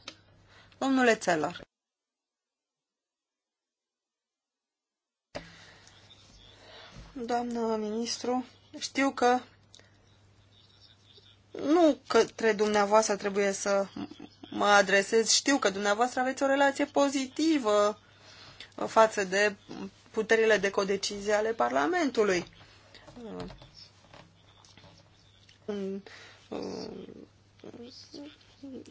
Domnule Țelăr. Doamnă ministru, știu că nu către dumneavoastră trebuie să mă adresez. Știu că dumneavoastră aveți o relație pozitivă față de puterile de codecizie ale Parlamentului uh,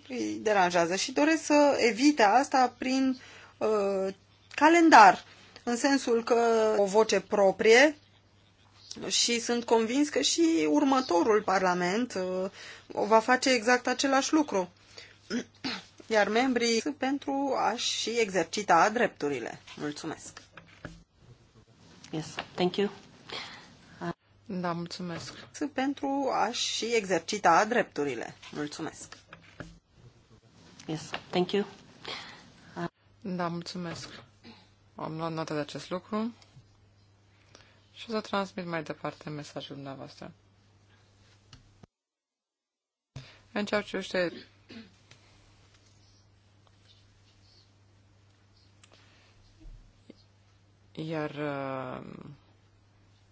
îi deranjează și doresc să evite asta prin uh, calendar, în sensul că o voce proprie și sunt convins că și următorul Parlament uh, va face exact același lucru. Iar membrii pentru a-și exercita drepturile. Mulțumesc. Yes, thank you. Da, mulțumesc. Pentru a-și exercita drepturile. Mulțumesc. Yes, thank you. Da, mulțumesc. Am luat notă de acest lucru și o să transmit mai departe mesajul dumneavoastră. În ceea ce uște... iar uh,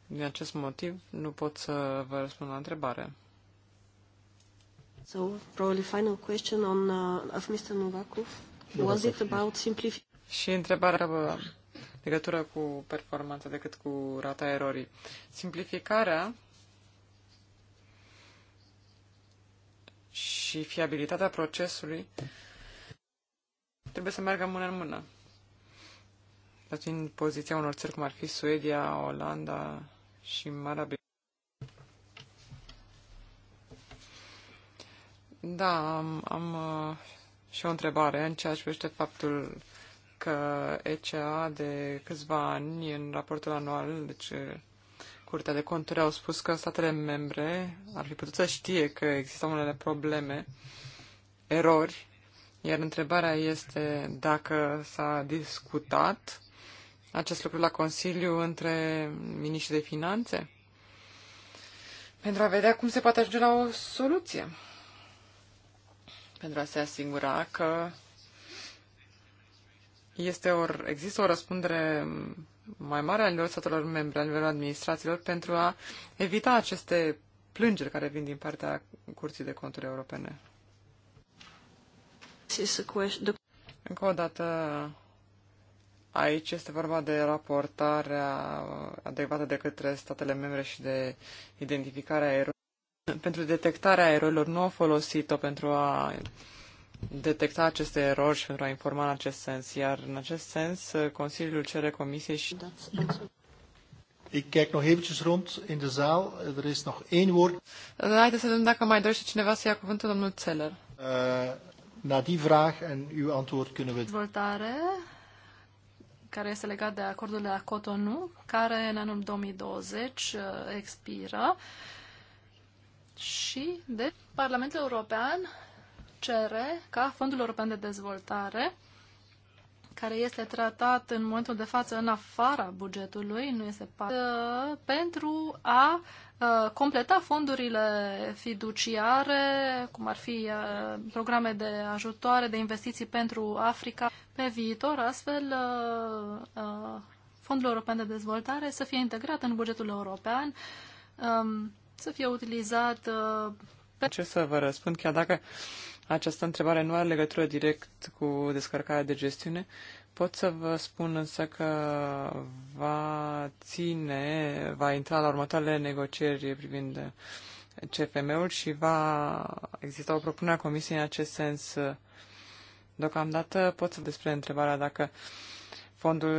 din acest motiv, nu pot să vă răspund la întrebare. So, probably final question on uh, of Mr. Novakov. Was it about simplification? Și întrebarea vă uh, legătură cu performanța decât cu rata erorii. Simplificarea și fiabilitatea procesului trebuie să meargă mână în mână. Dar în poziția unor țări cum ar fi Suedia, Olanda, și Marea Da, am, am uh, și o întrebare în ceea ce privește faptul că ECA de câțiva ani, în raportul anual, deci uh, Curtea de Conturi au spus că statele membre ar fi putut să știe că există unele probleme, erori, iar întrebarea este dacă s-a discutat acest lucru la Consiliu între miniștrii de finanțe pentru a vedea cum se poate ajunge la o soluție. Pentru a se asigura că este or, există o răspundere mai mare a nivelul statelor membre, a nivelul administrațiilor, pentru a evita aceste plângeri care vin din partea Curții de Conturi Europene. Încă o dată, Aici este vorba de raportarea adecvată de către statele membre și de identificarea erorilor. Pentru detectarea erorilor nu au folosit-o pentru a detecta aceste erori și pentru a informa în acest sens, iar în acest sens Consiliul cere Comisiei și... Ik kijk nog eventjes rond in de zaal. Er is nog één woord. Haideți să vedem mij door dorește je Was ia gewend om Zeller. Uh, na die vraag en uw antwoord kunnen we... Voltaire care este legat de acordul de la Cotonou, care în anul 2020 uh, expiră. Și de deci, Parlamentul European cere ca Fondul European de Dezvoltare care este tratat în momentul de față în afara bugetului, nu este parte, ă, pentru a ă, completa fondurile fiduciare, cum ar fi ă, programe de ajutoare, de investiții pentru Africa pe viitor, astfel Fondul European de Dezvoltare să fie integrat în bugetul european, să fie utilizat pe... Ce să vă răspund, chiar dacă această întrebare nu are legătură direct cu descărcarea de gestiune. Pot să vă spun însă că va ține, va intra la următoarele negocieri privind CFM-ul și va exista o propunere a Comisiei în acest sens. Deocamdată pot să despre întrebarea dacă Fondul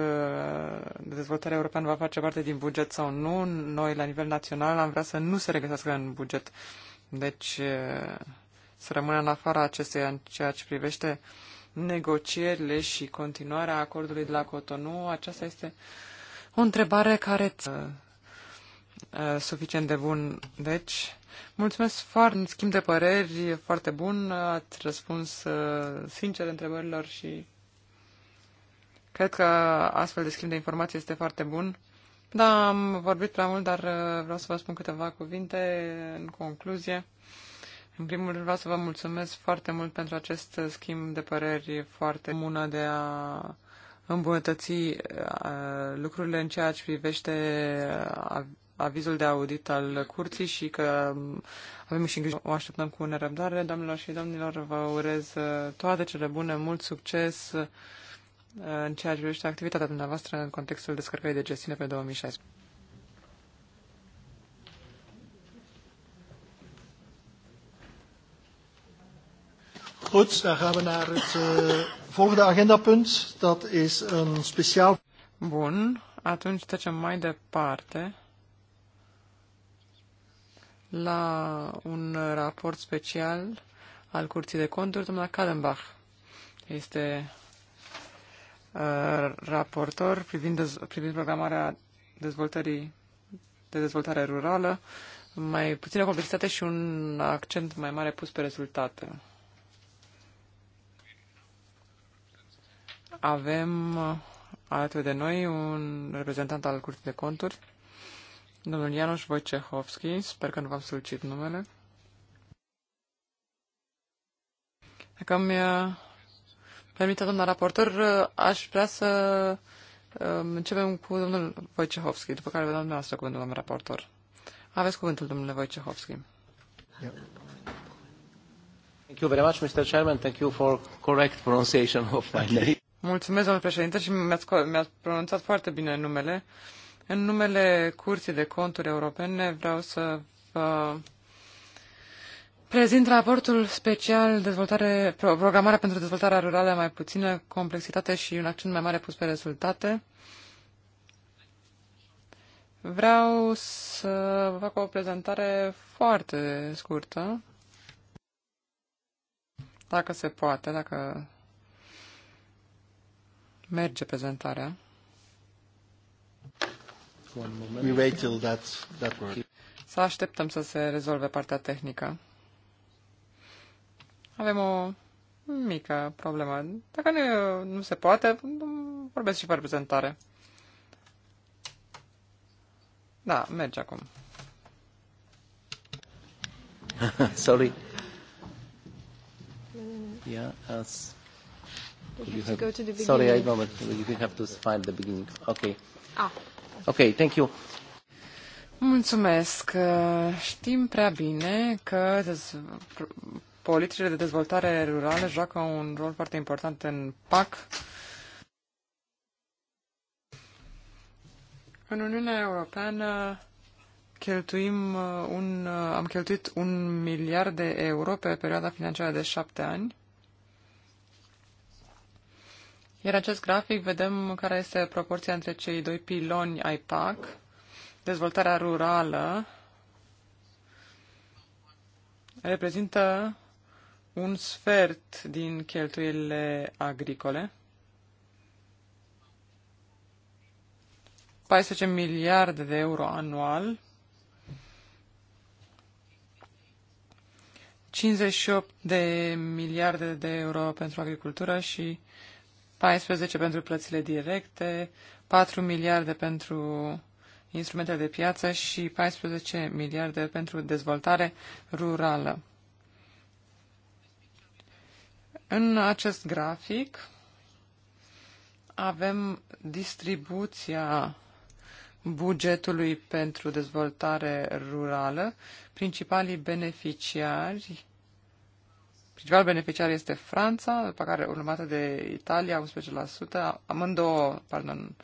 de dezvoltare european va face parte din buget sau nu. Noi, la nivel național, am vrea să nu se regăsească în buget. Deci, să rămână în afara acesteia în ceea ce privește negocierile și continuarea acordului de la Cotonou, aceasta este o întrebare care uh, uh, suficient de bun. Deci, mulțumesc foarte, schimb de păreri foarte bun, ați răspuns uh, sincer întrebărilor și cred că astfel de schimb de informații este foarte bun. Da, am vorbit prea mult, dar vreau să vă spun câteva cuvinte în concluzie. În primul rând vreau să vă mulțumesc foarte mult pentru acest schimb de păreri foarte bună de a îmbunătăți uh, lucrurile în ceea ce privește uh, avizul de audit al curții și că um, avem și grijă. O așteptăm cu nerăbdare. Doamnelor și domnilor, vă urez uh, toate cele bune, mult succes în ceea ce privește activitatea dumneavoastră în contextul descărcării de gestiune pe 2016. Goed, dan gaan we naar het uh, volgende agendapunt. Dat is een speciaal... Bun, atunci trecem mai departe la un raport special al Curții de Conturi, domnul Kallenbach. Este uh, raportor privind, dez- privind programarea dezvoltării de dezvoltare rurală, mai puțină complexitate și un accent mai mare pus pe rezultate. avem uh, alături de noi un reprezentant al Curții de Conturi, domnul Janusz Wojciechowski, sper că nu v-am solicit numele. Dacă mi-a uh, permite, domnul raportor, uh, aș vrea să începem cu domnul Wojciechowski, după care vă dau dumneavoastră cuvântul, domnul raportor. Aveți cuvântul, domnule Wojciechowski. Thank you very much, Mr. Chairman. Thank you for correct pronunciation of my name. Mulțumesc, domnule președinte, și mi-ați, mi-ați pronunțat foarte bine numele. În numele Curții de Conturi Europene vreau să vă prezint raportul special dezvoltare, programarea pentru dezvoltarea rurală mai puțină complexitate și un accent mai mare pus pe rezultate. Vreau să vă fac o prezentare foarte scurtă, dacă se poate, dacă Merge prezentarea. We wait till that, that Să așteptăm să se rezolve partea tehnică. Avem o mică problemă. Dacă nu, nu se poate, vorbesc și pe prezentare. Da, merge acum. Sorry. Yeah, as you have, go to the beginning. Sorry, I moment. You have to find the beginning. Okay. Ah. Okay, thank you. Mulțumesc. Știm prea bine că politicile de dezvoltare rurală joacă un rol foarte important în PAC. În Uniunea Europeană cheltuim uh, un, uh, am cheltuit un miliard de euro pe perioada financiară de șapte ani iar acest grafic vedem care este proporția între cei doi piloni ai PAC, dezvoltarea rurală reprezintă un sfert din cheltuielile agricole, 14 miliarde de euro anual, 58 de miliarde de euro pentru agricultură și 14 pentru plățile directe, 4 miliarde pentru instrumentele de piață și 14 miliarde pentru dezvoltare rurală. În acest grafic avem distribuția bugetului pentru dezvoltare rurală, principalii beneficiari Principal beneficiar este Franța, după care urmată de Italia, 11%, amândouă, pardon,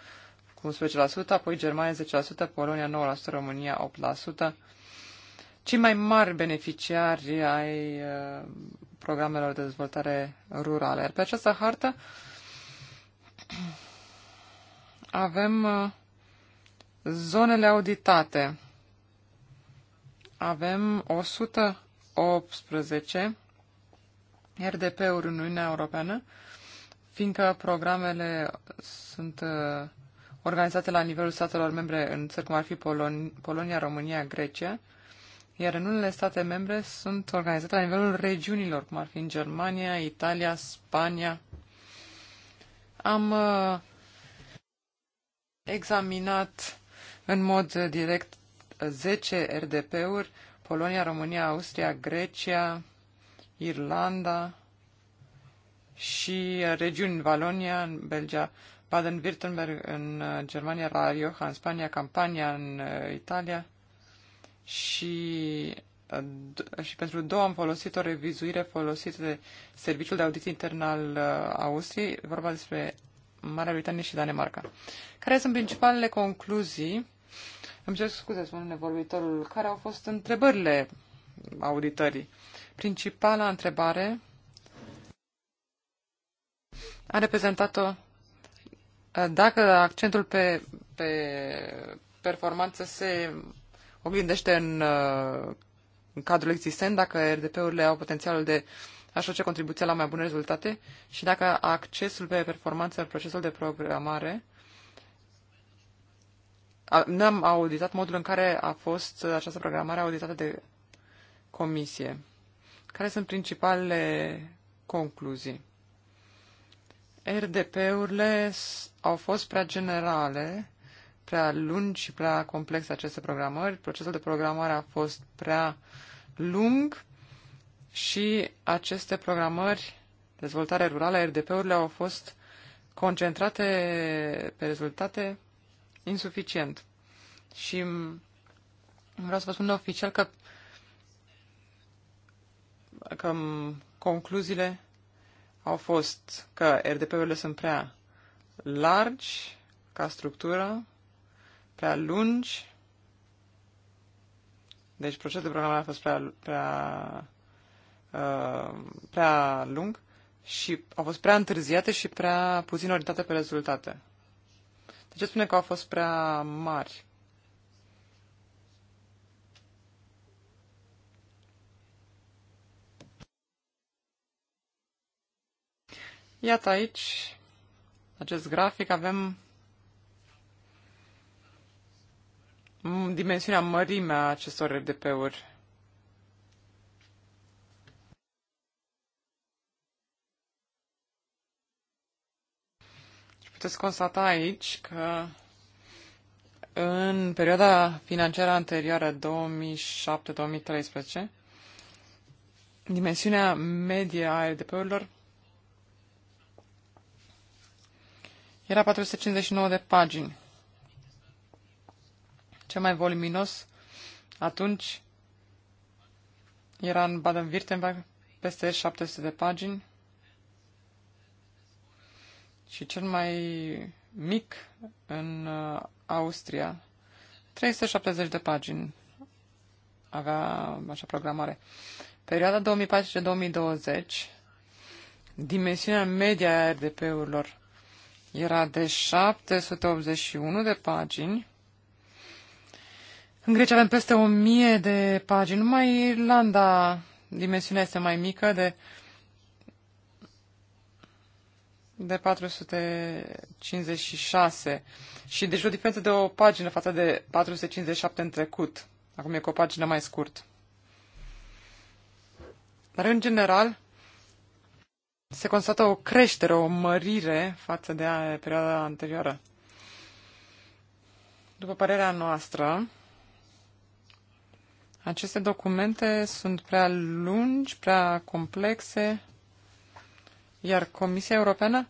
cu 11%, apoi Germania 10%, Polonia 9%, România 8%. Cei mai mari beneficiari ai uh, programelor de dezvoltare rurale. Iar pe această hartă avem uh, zonele auditate. Avem 118 RDP-uri în Uniunea Europeană, fiindcă programele sunt uh, organizate la nivelul statelor membre în țări cum ar fi Polon- Polonia, România, Grecia, iar în unele state membre sunt organizate la nivelul regiunilor, cum ar fi în Germania, Italia, Spania. Am uh, examinat în mod direct 10 RDP-uri, Polonia, România, Austria, Grecia, Irlanda și uh, regiuni în Valonia, în Belgia, Baden-Württemberg în uh, Germania, la Rioja în Spania, Campania în uh, Italia și și pentru două am folosit o revizuire folosită de Serviciul de Audit Intern al Austriei, vorba despre Marea Britanie și Danemarca. Care sunt principalele concluzii? Îmi cer scuze, spune nevorbitorul. care au fost întrebările auditării? Principala întrebare a reprezentat-o eh, dacă accentul pe, pe performanță se oglindește în, eh, în cadrul existent, dacă RDP-urile au potențialul de așa ce contribuție la mai bune rezultate și dacă accesul pe performanță în procesul de programare Nu am auditat modul în care a fost această programare auditată de comisie. Care sunt principalele concluzii? RDP-urile au fost prea generale, prea lungi și prea complexe aceste programări. Procesul de programare a fost prea lung și aceste programări, dezvoltare rurală, RDP-urile au fost concentrate pe rezultate insuficient. Și vreau să vă spun oficial că că concluziile au fost că RDP-urile sunt prea largi ca structură, prea lungi, deci procesul de programare a fost prea, prea, uh, prea lung și au fost prea întârziate și prea puțin orientate pe rezultate. De ce spune că au fost prea mari? Iată aici, acest grafic, avem dimensiunea mărimea acestor RDP-uri. Și puteți constata aici că în perioada financiară anterioară, 2007-2013, dimensiunea medie a RDP-urilor Era 459 de pagini. Cel mai voluminos atunci era în Baden-Württemberg, peste 700 de pagini. Și cel mai mic în uh, Austria, 370 de pagini avea așa programare. Perioada 2014-2020, dimensiunea media a RDP-urilor era de 781 de pagini. În Grecia avem peste 1000 de pagini. Numai Irlanda, dimensiunea este mai mică, de, de 456. Și deci o diferență de o pagină față de 457 în trecut. Acum e cu o pagină mai scurt. Dar în general, se constată o creștere, o mărire față de perioada anterioară. După părerea noastră, aceste documente sunt prea lungi, prea complexe, iar Comisia Europeană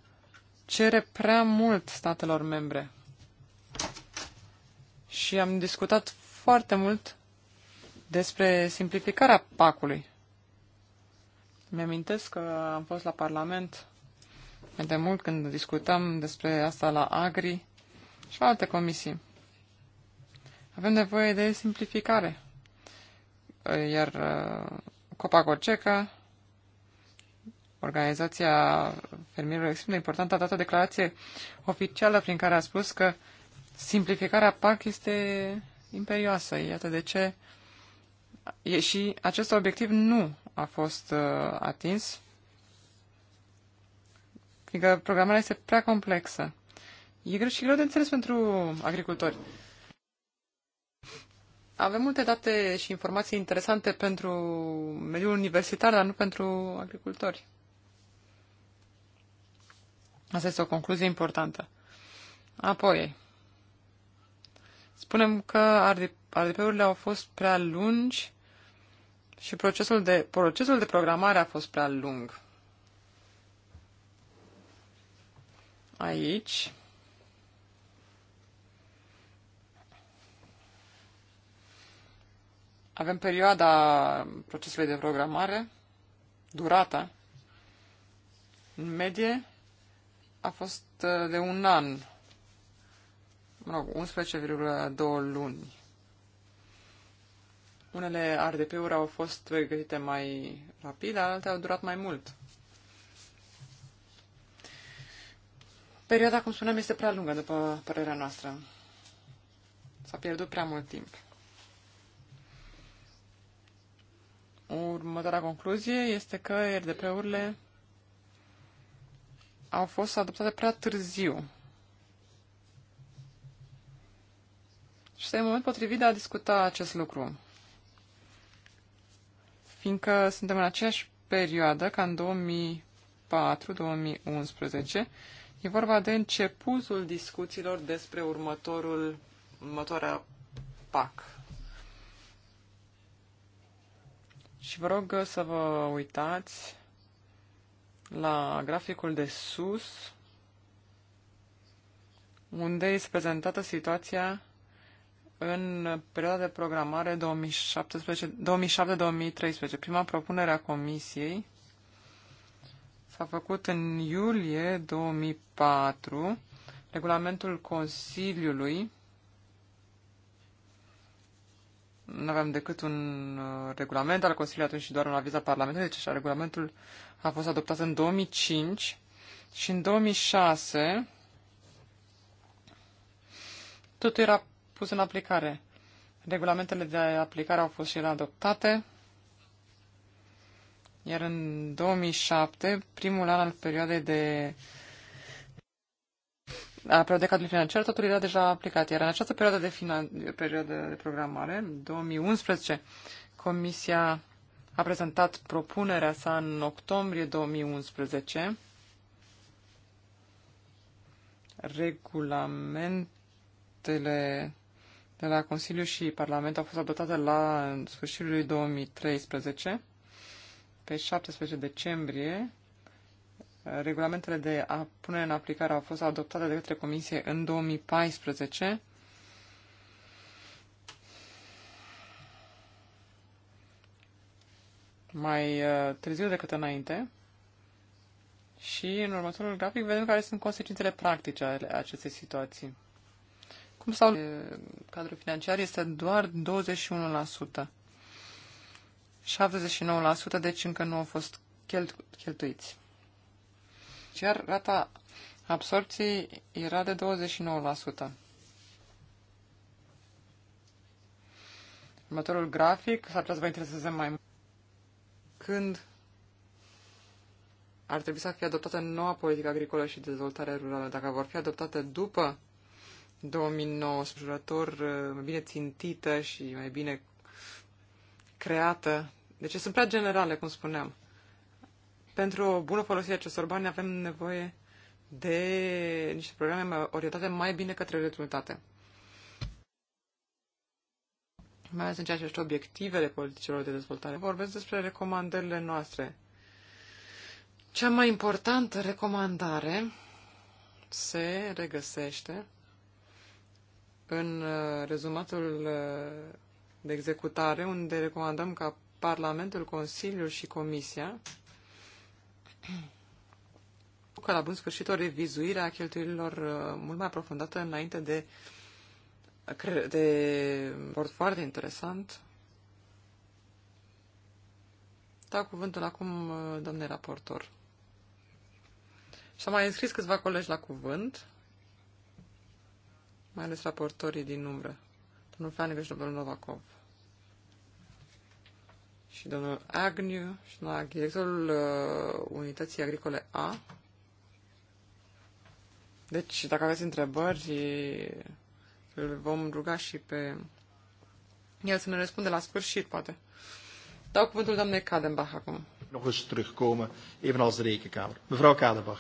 cere prea mult statelor membre. Și am discutat foarte mult despre simplificarea pacului. Mi-amintesc că am fost la Parlament mai de mult când discutam despre asta la Agri și la alte comisii. Avem nevoie de simplificare. Iar uh, Copa Coceca, organizația fermierilor extrem de importantă, a dat o declarație oficială prin care a spus că simplificarea PAC este imperioasă. Iată de ce uh, e și acest obiectiv nu a fost uh, atins, fiindcă programarea este prea complexă. E greu și greu de înțeles pentru agricultori. Avem multe date și informații interesante pentru mediul universitar, dar nu pentru agricultori. Asta este o concluzie importantă. Apoi, spunem că ar RDP-urile au fost prea lungi și procesul de, procesul de programare a fost prea lung. Aici avem perioada procesului de programare, durata, în medie a fost uh, de un an, mă rog, 11,2 luni. Unele RDP-uri au fost pregătite mai rapid, alte au durat mai mult. Perioada, cum spuneam, este prea lungă, după părerea noastră. S-a pierdut prea mult timp. Următoarea concluzie este că RDP-urile au fost adoptate prea târziu. Și este momentul potrivit de a discuta acest lucru fiindcă suntem în aceeași perioadă ca în 2004-2011. E vorba de începutul discuțiilor despre următorul, următoarea PAC. Și vă rog să vă uitați la graficul de sus, unde este prezentată situația în perioada de programare 2017 2013 Prima propunere a Comisiei s-a făcut în iulie 2004. Regulamentul Consiliului nu aveam decât un uh, regulament al Consiliului atunci și doar un aviz al Parlamentului, deci așa, regulamentul a fost adoptat în 2005 și în 2006 totul era pus în aplicare. Regulamentele de aplicare au fost și ele adoptate, iar în 2007, primul an al perioadei de a cadrului financiar, totul era deja aplicat. Iar în această perioadă de, finan... perioadă de programare, 2011, Comisia a prezentat propunerea sa în octombrie 2011, regulamentele de la Consiliu și Parlament au fost adoptate la sfârșitul lui 2013. Pe 17 decembrie, regulamentele de a pune în aplicare au fost adoptate de către Comisie în 2014. mai uh, târziu decât înainte. Și în următorul grafic vedem care sunt consecințele practice ale acestei situații. Cum sau cadrul financiar este doar 21%. 79%, deci încă nu au fost chelt, cheltuiți. Iar rata absorpției era de 29%. Următorul grafic, s-ar putea să vă intereseze mai mult. Când ar trebui să fie adoptată noua politică agricolă și dezvoltare rurală, dacă vor fi adoptate după 2019, jurător uh, mai bine țintită și mai bine creată. Deci sunt prea generale, cum spuneam. Pentru o bună folosire a acestor bani avem nevoie de niște programe orientate mai bine către rezultate. Mai ales în ceea ce este obiectivele politicilor de dezvoltare. Vorbesc despre recomandările noastre. Cea mai importantă recomandare se regăsește în uh, rezumatul uh, de executare, unde recomandăm ca Parlamentul, Consiliul și Comisia ca la bun sfârșit o revizuire a cheltuielilor uh, mult mai aprofundată înainte de, de port foarte interesant. Da cuvântul acum, domnule raportor. Și-am mai înscris câțiva colegi la cuvânt mai ales raportorii din umbră, domnul Flanagan și domnul Novakov. Și domnul Agniu, și domnul Agniu, directorul uh, Unității Agricole A. Deci, dacă aveți întrebări, îl vom ruga și pe el să ne răspunde la sfârșit, poate. Dau cuvântul doamnei Kadenbach acum. Nog eens terugkomen, evenals de rekenkamer. Mevrouw Kadenbach.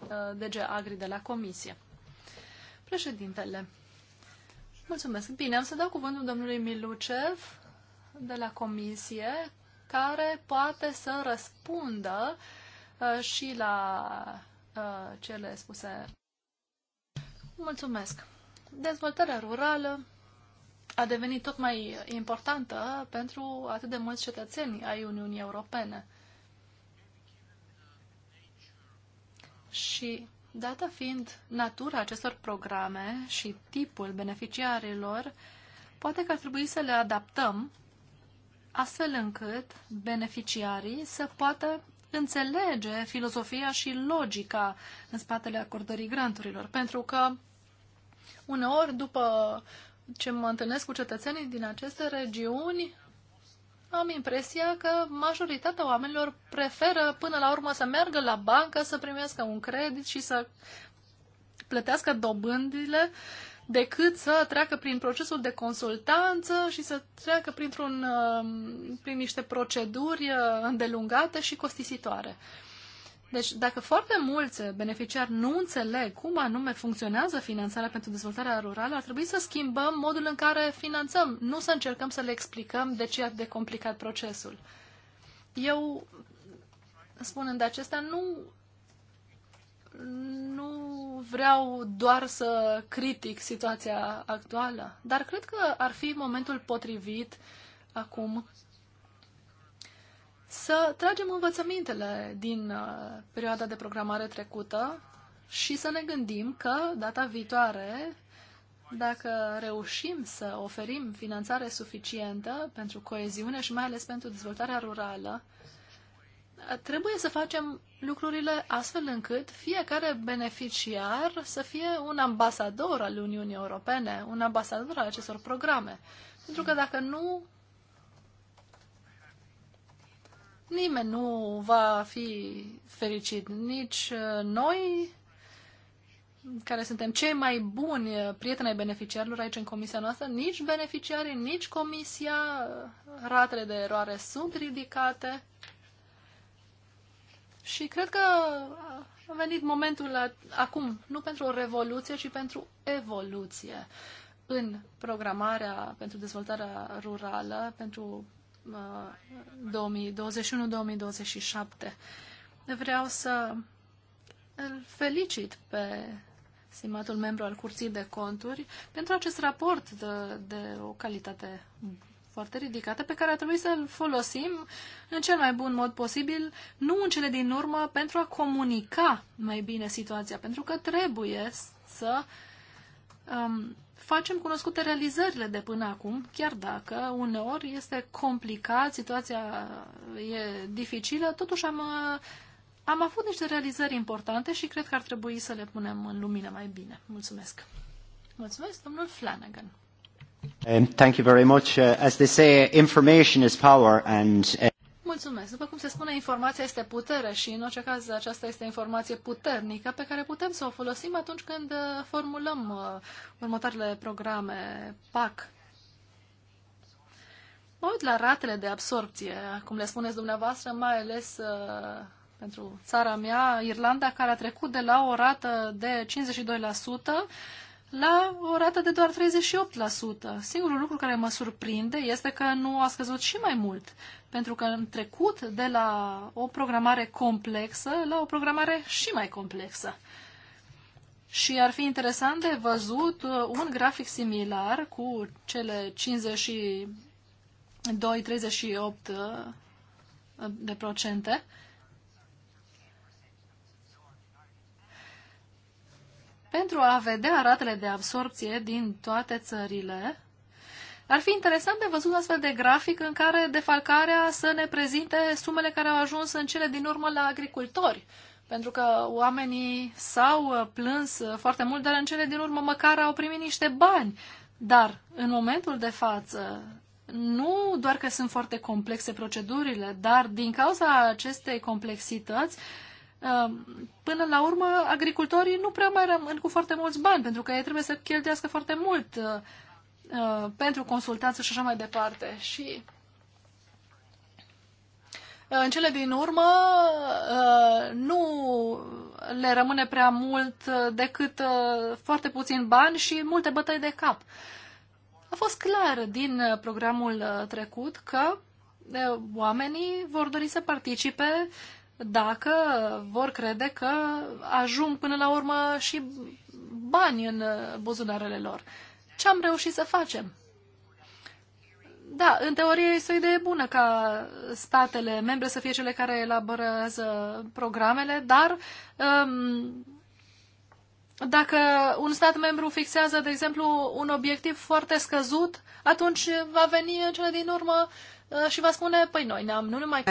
Uh, de Agri de la Comisie. Președintele, mulțumesc. Bine, am să dau cuvântul domnului Milucev de la comisie, care poate să răspundă uh, și la uh, cele spuse. Mulțumesc. Dezvoltarea rurală a devenit tot mai importantă pentru atât de mulți cetățeni ai Uniunii Europene. Și Dată fiind natura acestor programe și tipul beneficiarilor, poate că ar trebui să le adaptăm astfel încât beneficiarii să poată înțelege filozofia și logica în spatele acordării granturilor. Pentru că uneori, după ce mă întâlnesc cu cetățenii din aceste regiuni, am impresia că majoritatea oamenilor preferă până la urmă să meargă la bancă, să primească un credit și să plătească dobândile decât să treacă prin procesul de consultanță și să treacă printr-un, uh, prin niște proceduri uh, îndelungate și costisitoare. Uh, deci, dacă foarte mulți beneficiari nu înțeleg cum anume funcționează finanțarea pentru dezvoltarea rurală, ar trebui să schimbăm modul în care finanțăm, nu să încercăm să le explicăm de ce e de complicat procesul. Eu, spunând acestea, nu, nu vreau doar să critic situația actuală, dar cred că ar fi momentul potrivit acum să tragem învățămintele din uh, perioada de programare trecută și să ne gândim că data viitoare, dacă reușim să oferim finanțare suficientă pentru coeziune și mai ales pentru dezvoltarea rurală, trebuie să facem lucrurile astfel încât fiecare beneficiar să fie un ambasador al Uniunii Europene, un ambasador al acestor programe. Pentru că dacă nu, nimeni nu va fi fericit, nici uh, noi, care suntem cei mai buni uh, prieteni ai beneficiarilor aici în comisia noastră, nici beneficiarii, nici comisia, uh, ratele de eroare sunt ridicate. Și cred că a venit momentul la, acum, nu pentru o revoluție, ci pentru evoluție în programarea pentru dezvoltarea rurală, pentru 2021-2027. Uh, Vreau să îl felicit pe simatul membru al Curții de Conturi pentru acest raport de, de o calitate foarte ridicată pe care a trebuit să-l folosim în cel mai bun mod posibil, nu în cele din urmă, pentru a comunica mai bine situația, pentru că trebuie să um, facem cunoscute realizările de până acum, chiar dacă uneori este complicat, situația e dificilă, totuși am, am avut niște realizări importante și cred că ar trebui să le punem în lumină mai bine. Mulțumesc! Mulțumesc, domnul Flanagan! Um, thank you very much. Uh, as they say, information is power and... Uh... Mulțumesc. După cum se spune, informația este putere și, în orice caz, aceasta este informație puternică pe care putem să o folosim atunci când uh, formulăm uh, următoarele programe PAC. Mă uit la ratele de absorpție, cum le spuneți dumneavoastră, mai ales uh, pentru țara mea, Irlanda, care a trecut de la o rată de 52% la o rată de doar 38%. Singurul lucru care mă surprinde este că nu a scăzut și mai mult, pentru că am trecut de la o programare complexă la o programare și mai complexă. Și ar fi interesant de văzut uh, un grafic similar cu cele 52-38 uh, de procente, pentru a vedea ratele de absorpție din toate țările. Ar fi interesant de văzut un astfel de grafic în care defalcarea să ne prezinte sumele care au ajuns în cele din urmă la agricultori, pentru că oamenii s-au plâns foarte mult, dar în cele din urmă măcar au primit niște bani. Dar, în momentul de față, nu doar că sunt foarte complexe procedurile, dar din cauza acestei complexități, uh, Ehm, până la urmă, agricultorii nu prea mai rămân cu foarte mulți bani, pentru că ei trebuie să cheltuiască foarte mult eh, eh, pentru consultanță și așa mai departe. Și eh, în cele din urmă nu le rămâne prea mult decât foarte puțin bani și multe bătăi de cap. A fost clar din programul trecut că oamenii vor dori să participe dacă vor crede că ajung până la urmă și bani în buzunarele lor. Ce am reușit să facem? Da, în teorie este o idee bună ca statele membre să fie cele care elaborează programele, dar um, dacă un stat membru fixează, de exemplu, un obiectiv foarte scăzut, atunci va veni în cele din urmă uh, Uh, și va spune, păi noi ne-am nu numai...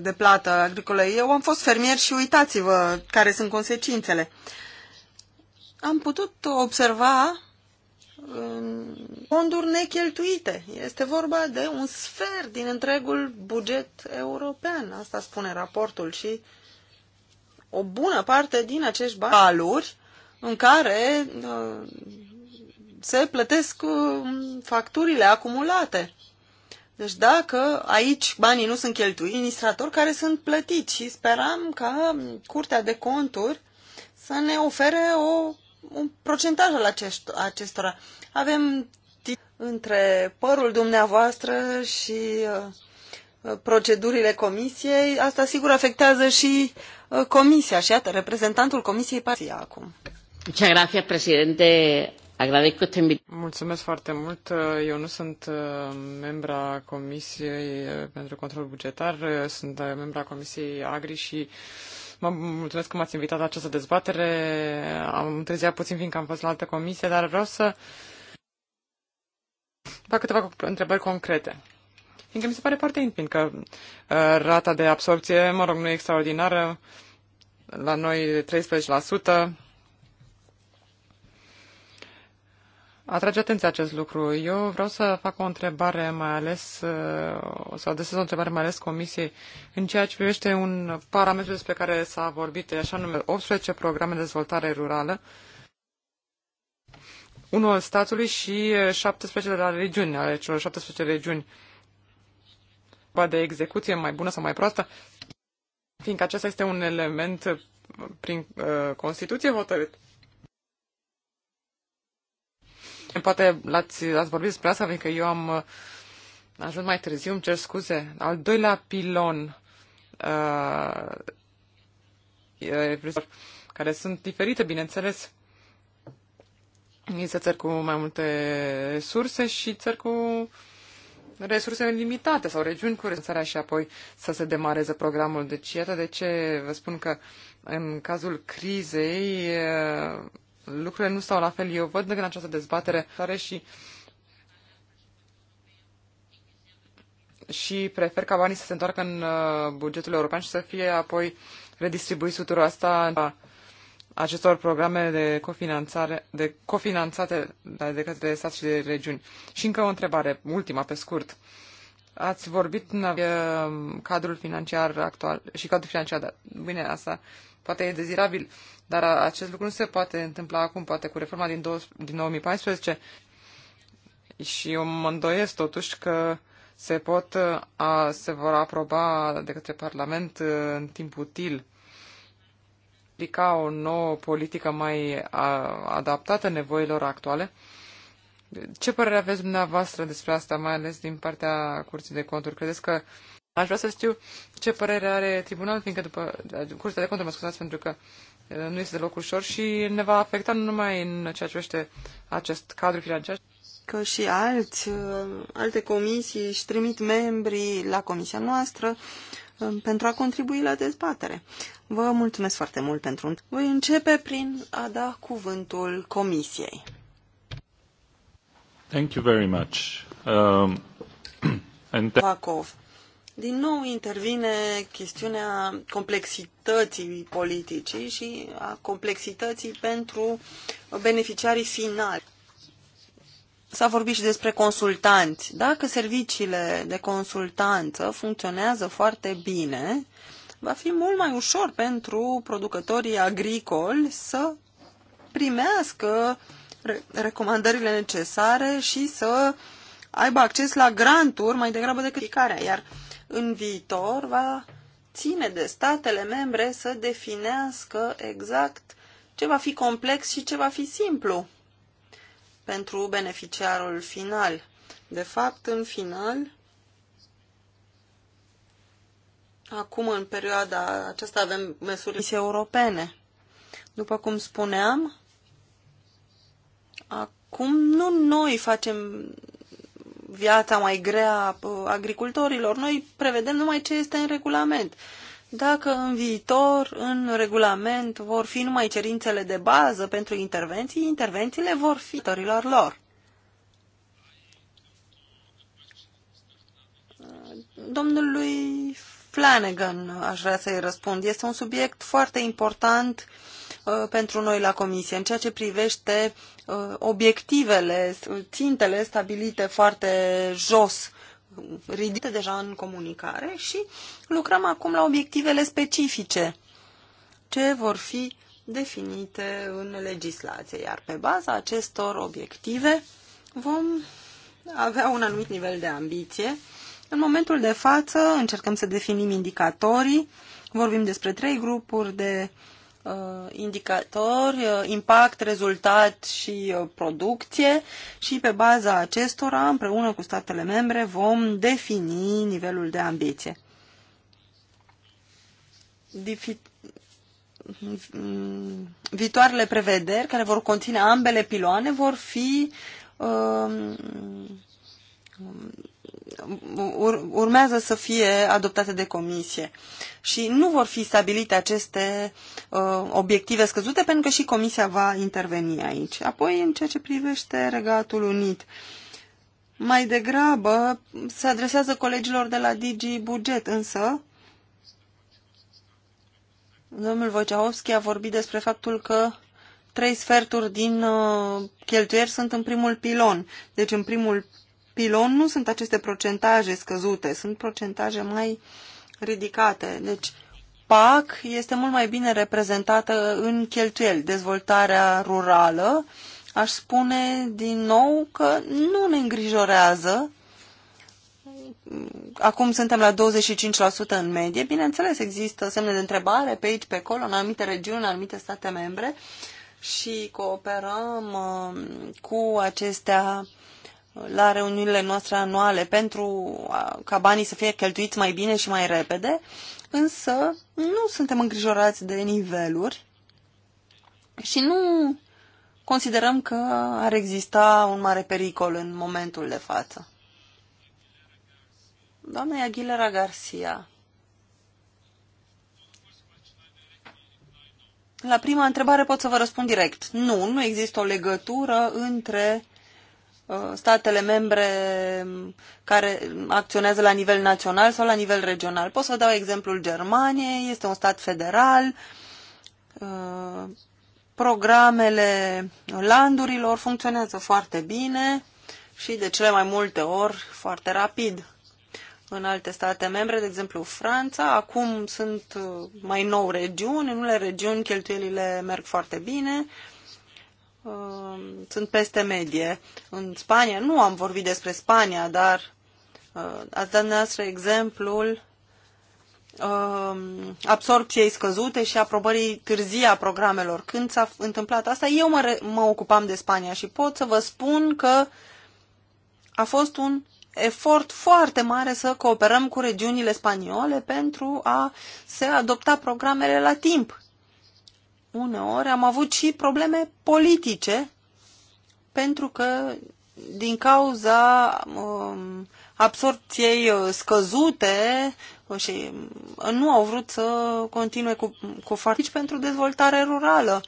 De plată agricolă. Eu am fost fermier și uitați-vă care sunt consecințele. Am putut observa uh, fonduri necheltuite. Este vorba de un sfert din întregul buget european. Asta spune raportul și o bună parte din acești bani în care uh, se plătesc facturile acumulate. Deci dacă aici banii nu sunt cheltuiți, administratori care sunt plătiți și speram ca Curtea de Conturi să ne ofere o, un procentaj al acest, acestora. Avem între părul dumneavoastră și uh, procedurile comisiei, asta sigur afectează și uh, comisia. Și iată, reprezentantul comisiei parții acum. Muchas gracias, presidente. Mulțumesc foarte mult. Eu nu sunt uh, membra Comisiei uh, pentru Control Bugetar, uh, sunt membra Comisiei Agri și mă mulțumesc că m-ați invitat la această dezbatere. Am întârziat puțin fiindcă am fost la altă comisie, dar vreau să fac câteva întrebări concrete. Fiindcă mi se pare foarte intim că rata de absorpție, mă rog, nu e extraordinară. La noi 13%, atrage atenția acest lucru. Eu vreau să fac o întrebare mai ales, uh, să adresez o întrebare mai ales Comisiei, în ceea ce privește un parametru despre care s-a vorbit, așa numele 18 programe de dezvoltare rurală, unul al statului și 17 de la regiuni, ale celor 17 regiuni. De execuție mai bună sau mai proastă, fiindcă acesta este un element prin uh, Constituție hotărât. poate l-ați, ați vorbit despre asta, pentru că eu am uh, ajuns mai târziu, îmi cer scuze. Al doilea pilon uh, care sunt diferite, bineînțeles, este țări cu mai multe resurse și țări cu resurse limitate sau regiuni cu resursarea și apoi să se demareze programul. Deci iată de ce vă spun că în cazul crizei uh, lucrurile nu stau la fel. Eu văd în această dezbatere care și și prefer ca banii să se întoarcă în uh, bugetul european și să fie apoi redistribuiți tuturor asta acestor programe de cofinanțare, de cofinanțate de către stat și de regiuni. Și încă o întrebare, ultima pe scurt. Ați vorbit în uh, cadrul financiar actual și cadrul financiar, dar bine, asta poate e dezirabil, dar acest lucru nu se poate întâmpla acum, poate cu reforma din, 20, din 2014. Și eu mă îndoiesc totuși că se pot, a, se vor aproba de către Parlament în timp util aplica o nouă politică mai a, adaptată nevoilor actuale. Ce părere aveți dumneavoastră despre asta, mai ales din partea Curții de Conturi? Credeți că Aș vrea să știu ce părere are tribunalul, fiindcă după curtea de conturi, mă scuzați, pentru că nu este deloc ușor și ne va afecta nu numai în ceea ce vește acest cadru financiar. Că și alți, alte comisii își trimit membrii la comisia noastră pentru a contribui la dezbatere. Vă mulțumesc foarte mult pentru... Voi începe prin a da cuvântul comisiei. Thank you very much. Um, and... Din nou intervine chestiunea complexității politicii și a complexității pentru beneficiarii finali. S-a vorbit și despre consultanți. Dacă serviciile de consultanță funcționează foarte bine, va fi mult mai ușor pentru producătorii agricoli să primească recomandările necesare și să aibă acces la granturi mai degrabă decât care. Iar în viitor va ține de statele membre să definească exact ce va fi complex și ce va fi simplu pentru beneficiarul final. De fapt, în final, acum în perioada aceasta avem măsuri europene. După cum spuneam, acum nu noi facem viața mai grea agricultorilor. Noi prevedem numai ce este în regulament. Dacă în viitor, în regulament, vor fi numai cerințele de bază pentru intervenții, intervențiile vor fi torilor lor. Domnului Flanagan aș vrea să-i răspund. Este un subiect foarte important uh, Uh, pentru noi la Comisie în ceea ce privește uh, obiectivele, țintele stabilite foarte jos, ridicate deja în comunicare și lucrăm acum la obiectivele specifice ce vor fi definite în legislație, iar pe baza acestor obiective vom avea un anumit nivel de ambiție. În momentul de față încercăm să definim indicatorii, vorbim despre trei grupuri de uh, Uh, indicatori, uh, impact, rezultat și uh, producție și pe baza acestora, împreună cu statele membre, vom defini nivelul de ambiție. Difi... Mm, viitoarele prevederi care vor conține ambele piloane vor fi um, ur, urmează să fie adoptate de comisie. Și nu vor fi stabilite aceste uh, obiective scăzute pentru că și comisia va interveni aici. Apoi, în ceea ce privește Regatul Unit, mai degrabă se adresează colegilor de la Digi Buget, însă domnul Wojciechowski a vorbit despre faptul că trei sferturi din uh, cheltuieri sunt în primul pilon. Deci în primul pilon nu sunt aceste procentaje scăzute, sunt procentaje mai ridicate. Deci PAC este mult mai bine reprezentată în cheltuieli. Dezvoltarea rurală, aș spune din nou că nu ne îngrijorează. Acum suntem la 25% în medie. Bineînțeles, există semne de întrebare pe aici, pe acolo, în anumite regiuni, în anumite state membre și cooperăm uh, cu acestea la reuniunile noastre anuale pentru ca banii să fie cheltuiți mai bine și mai repede, însă nu suntem îngrijorați de niveluri și nu considerăm că ar exista un mare pericol în momentul de față. Doamna Aguilera Garcia. La prima întrebare pot să vă răspund direct. Nu, nu există o legătură între Uh, statele membre care acționează la nivel național sau la nivel regional. Pot să dau exemplul Germaniei, este un stat federal, uh, programele landurilor funcționează foarte bine și de cele mai multe ori foarte rapid. În alte state membre, de exemplu Franța, acum sunt uh, mai nou regiuni, în unele regiuni cheltuielile merg foarte bine, uh, Uh, sunt peste medie. În Spania, nu am vorbit despre Spania, dar uh, ați dat noastră exemplul uh, absorpției scăzute și aprobării târzii a programelor. Când s-a întâmplat asta, eu mă, mă ocupam de Spania și pot să vă spun că a fost un efort foarte mare să cooperăm cu regiunile spaniole pentru a se adopta programele la timp uneori am avut și probleme politice pentru că din cauza um, absorpției uh, scăzute uh, și uh, nu au vrut să continue cu, cu farmici pentru dezvoltare rurală.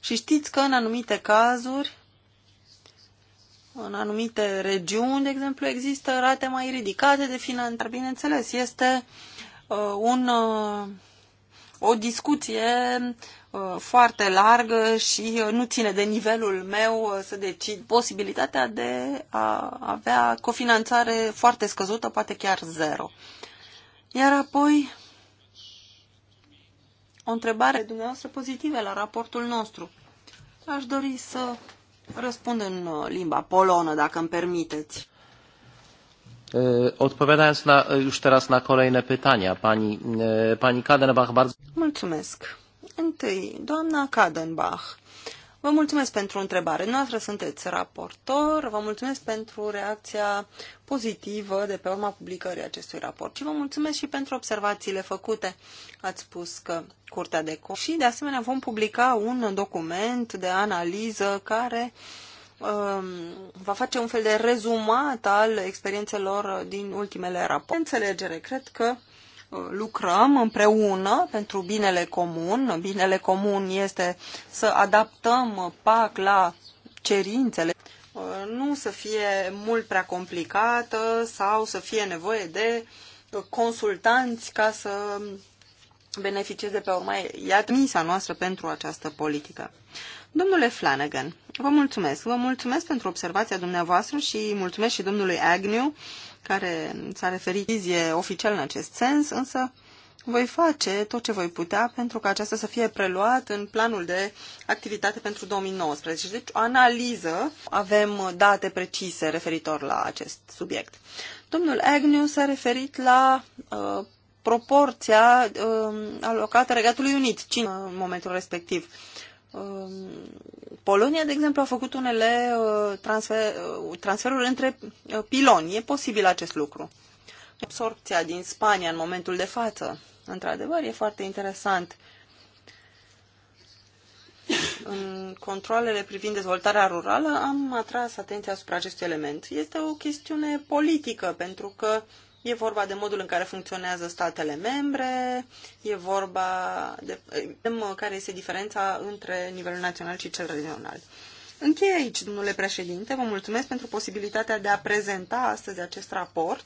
Și știți că în anumite cazuri, în anumite regiuni, de exemplu, există rate mai ridicate de finanțare. Bineînțeles, este uh, un, uh, o discuție Uh, foarte largă și uh, nu ține de nivelul meu uh, să decid posibilitatea de a avea cofinanțare foarte scăzută, poate chiar zero. Iar apoi, o întrebare dumneavoastră pozitivă la raportul nostru. Aș dori să răspund în limba polonă, dacă îmi permiteți. Odpowiadając na, już teraz na kolejne pytania, pani, pani Kadenbach bardzo... Mulțumesc. Întâi, doamna Kadenbach. Vă mulțumesc pentru întrebare. Noastră sunteți raportor, vă mulțumesc pentru reacția pozitivă de pe urma publicării acestui raport și vă mulțumesc și pentru observațiile făcute. Ați spus că Curtea de Cont și de asemenea vom publica un document de analiză care um, va face un fel de rezumat al experiențelor din ultimele rapoarte. Înțelegere, cred că lucrăm împreună pentru binele comun. Binele comun este să adaptăm PAC la cerințele, nu să fie mult prea complicată sau să fie nevoie de consultanți ca să beneficieze pe urmă. iată misa noastră pentru această politică. Domnule Flanagan, vă mulțumesc. Vă mulțumesc pentru observația dumneavoastră și mulțumesc și domnului Agnew care s-a referit vizie oficial în acest sens, însă voi face tot ce voi putea pentru ca aceasta să fie preluat în planul de activitate pentru 2019. Deci o analiză, avem date precise referitor la acest subiect. Domnul Agnew s-a referit la uh, proporția uh, alocată Regatului Unit, 5 în momentul respectiv. Uh, Um, Polonia, de exemplu, a făcut unele uh, transfer, uh, transferuri între uh, piloni. E posibil acest lucru. Absorpția din Spania în momentul de față, într-adevăr, e foarte interesant. În controlele privind dezvoltarea rurală am atras atenția asupra acestui element. Este o chestiune politică, pentru că uh, E vorba de modul în care funcționează statele membre, e vorba de uh, care este diferența între nivelul național și cel regional. Închei aici, domnule președinte, vă mulțumesc pentru posibilitatea de a prezenta astăzi acest raport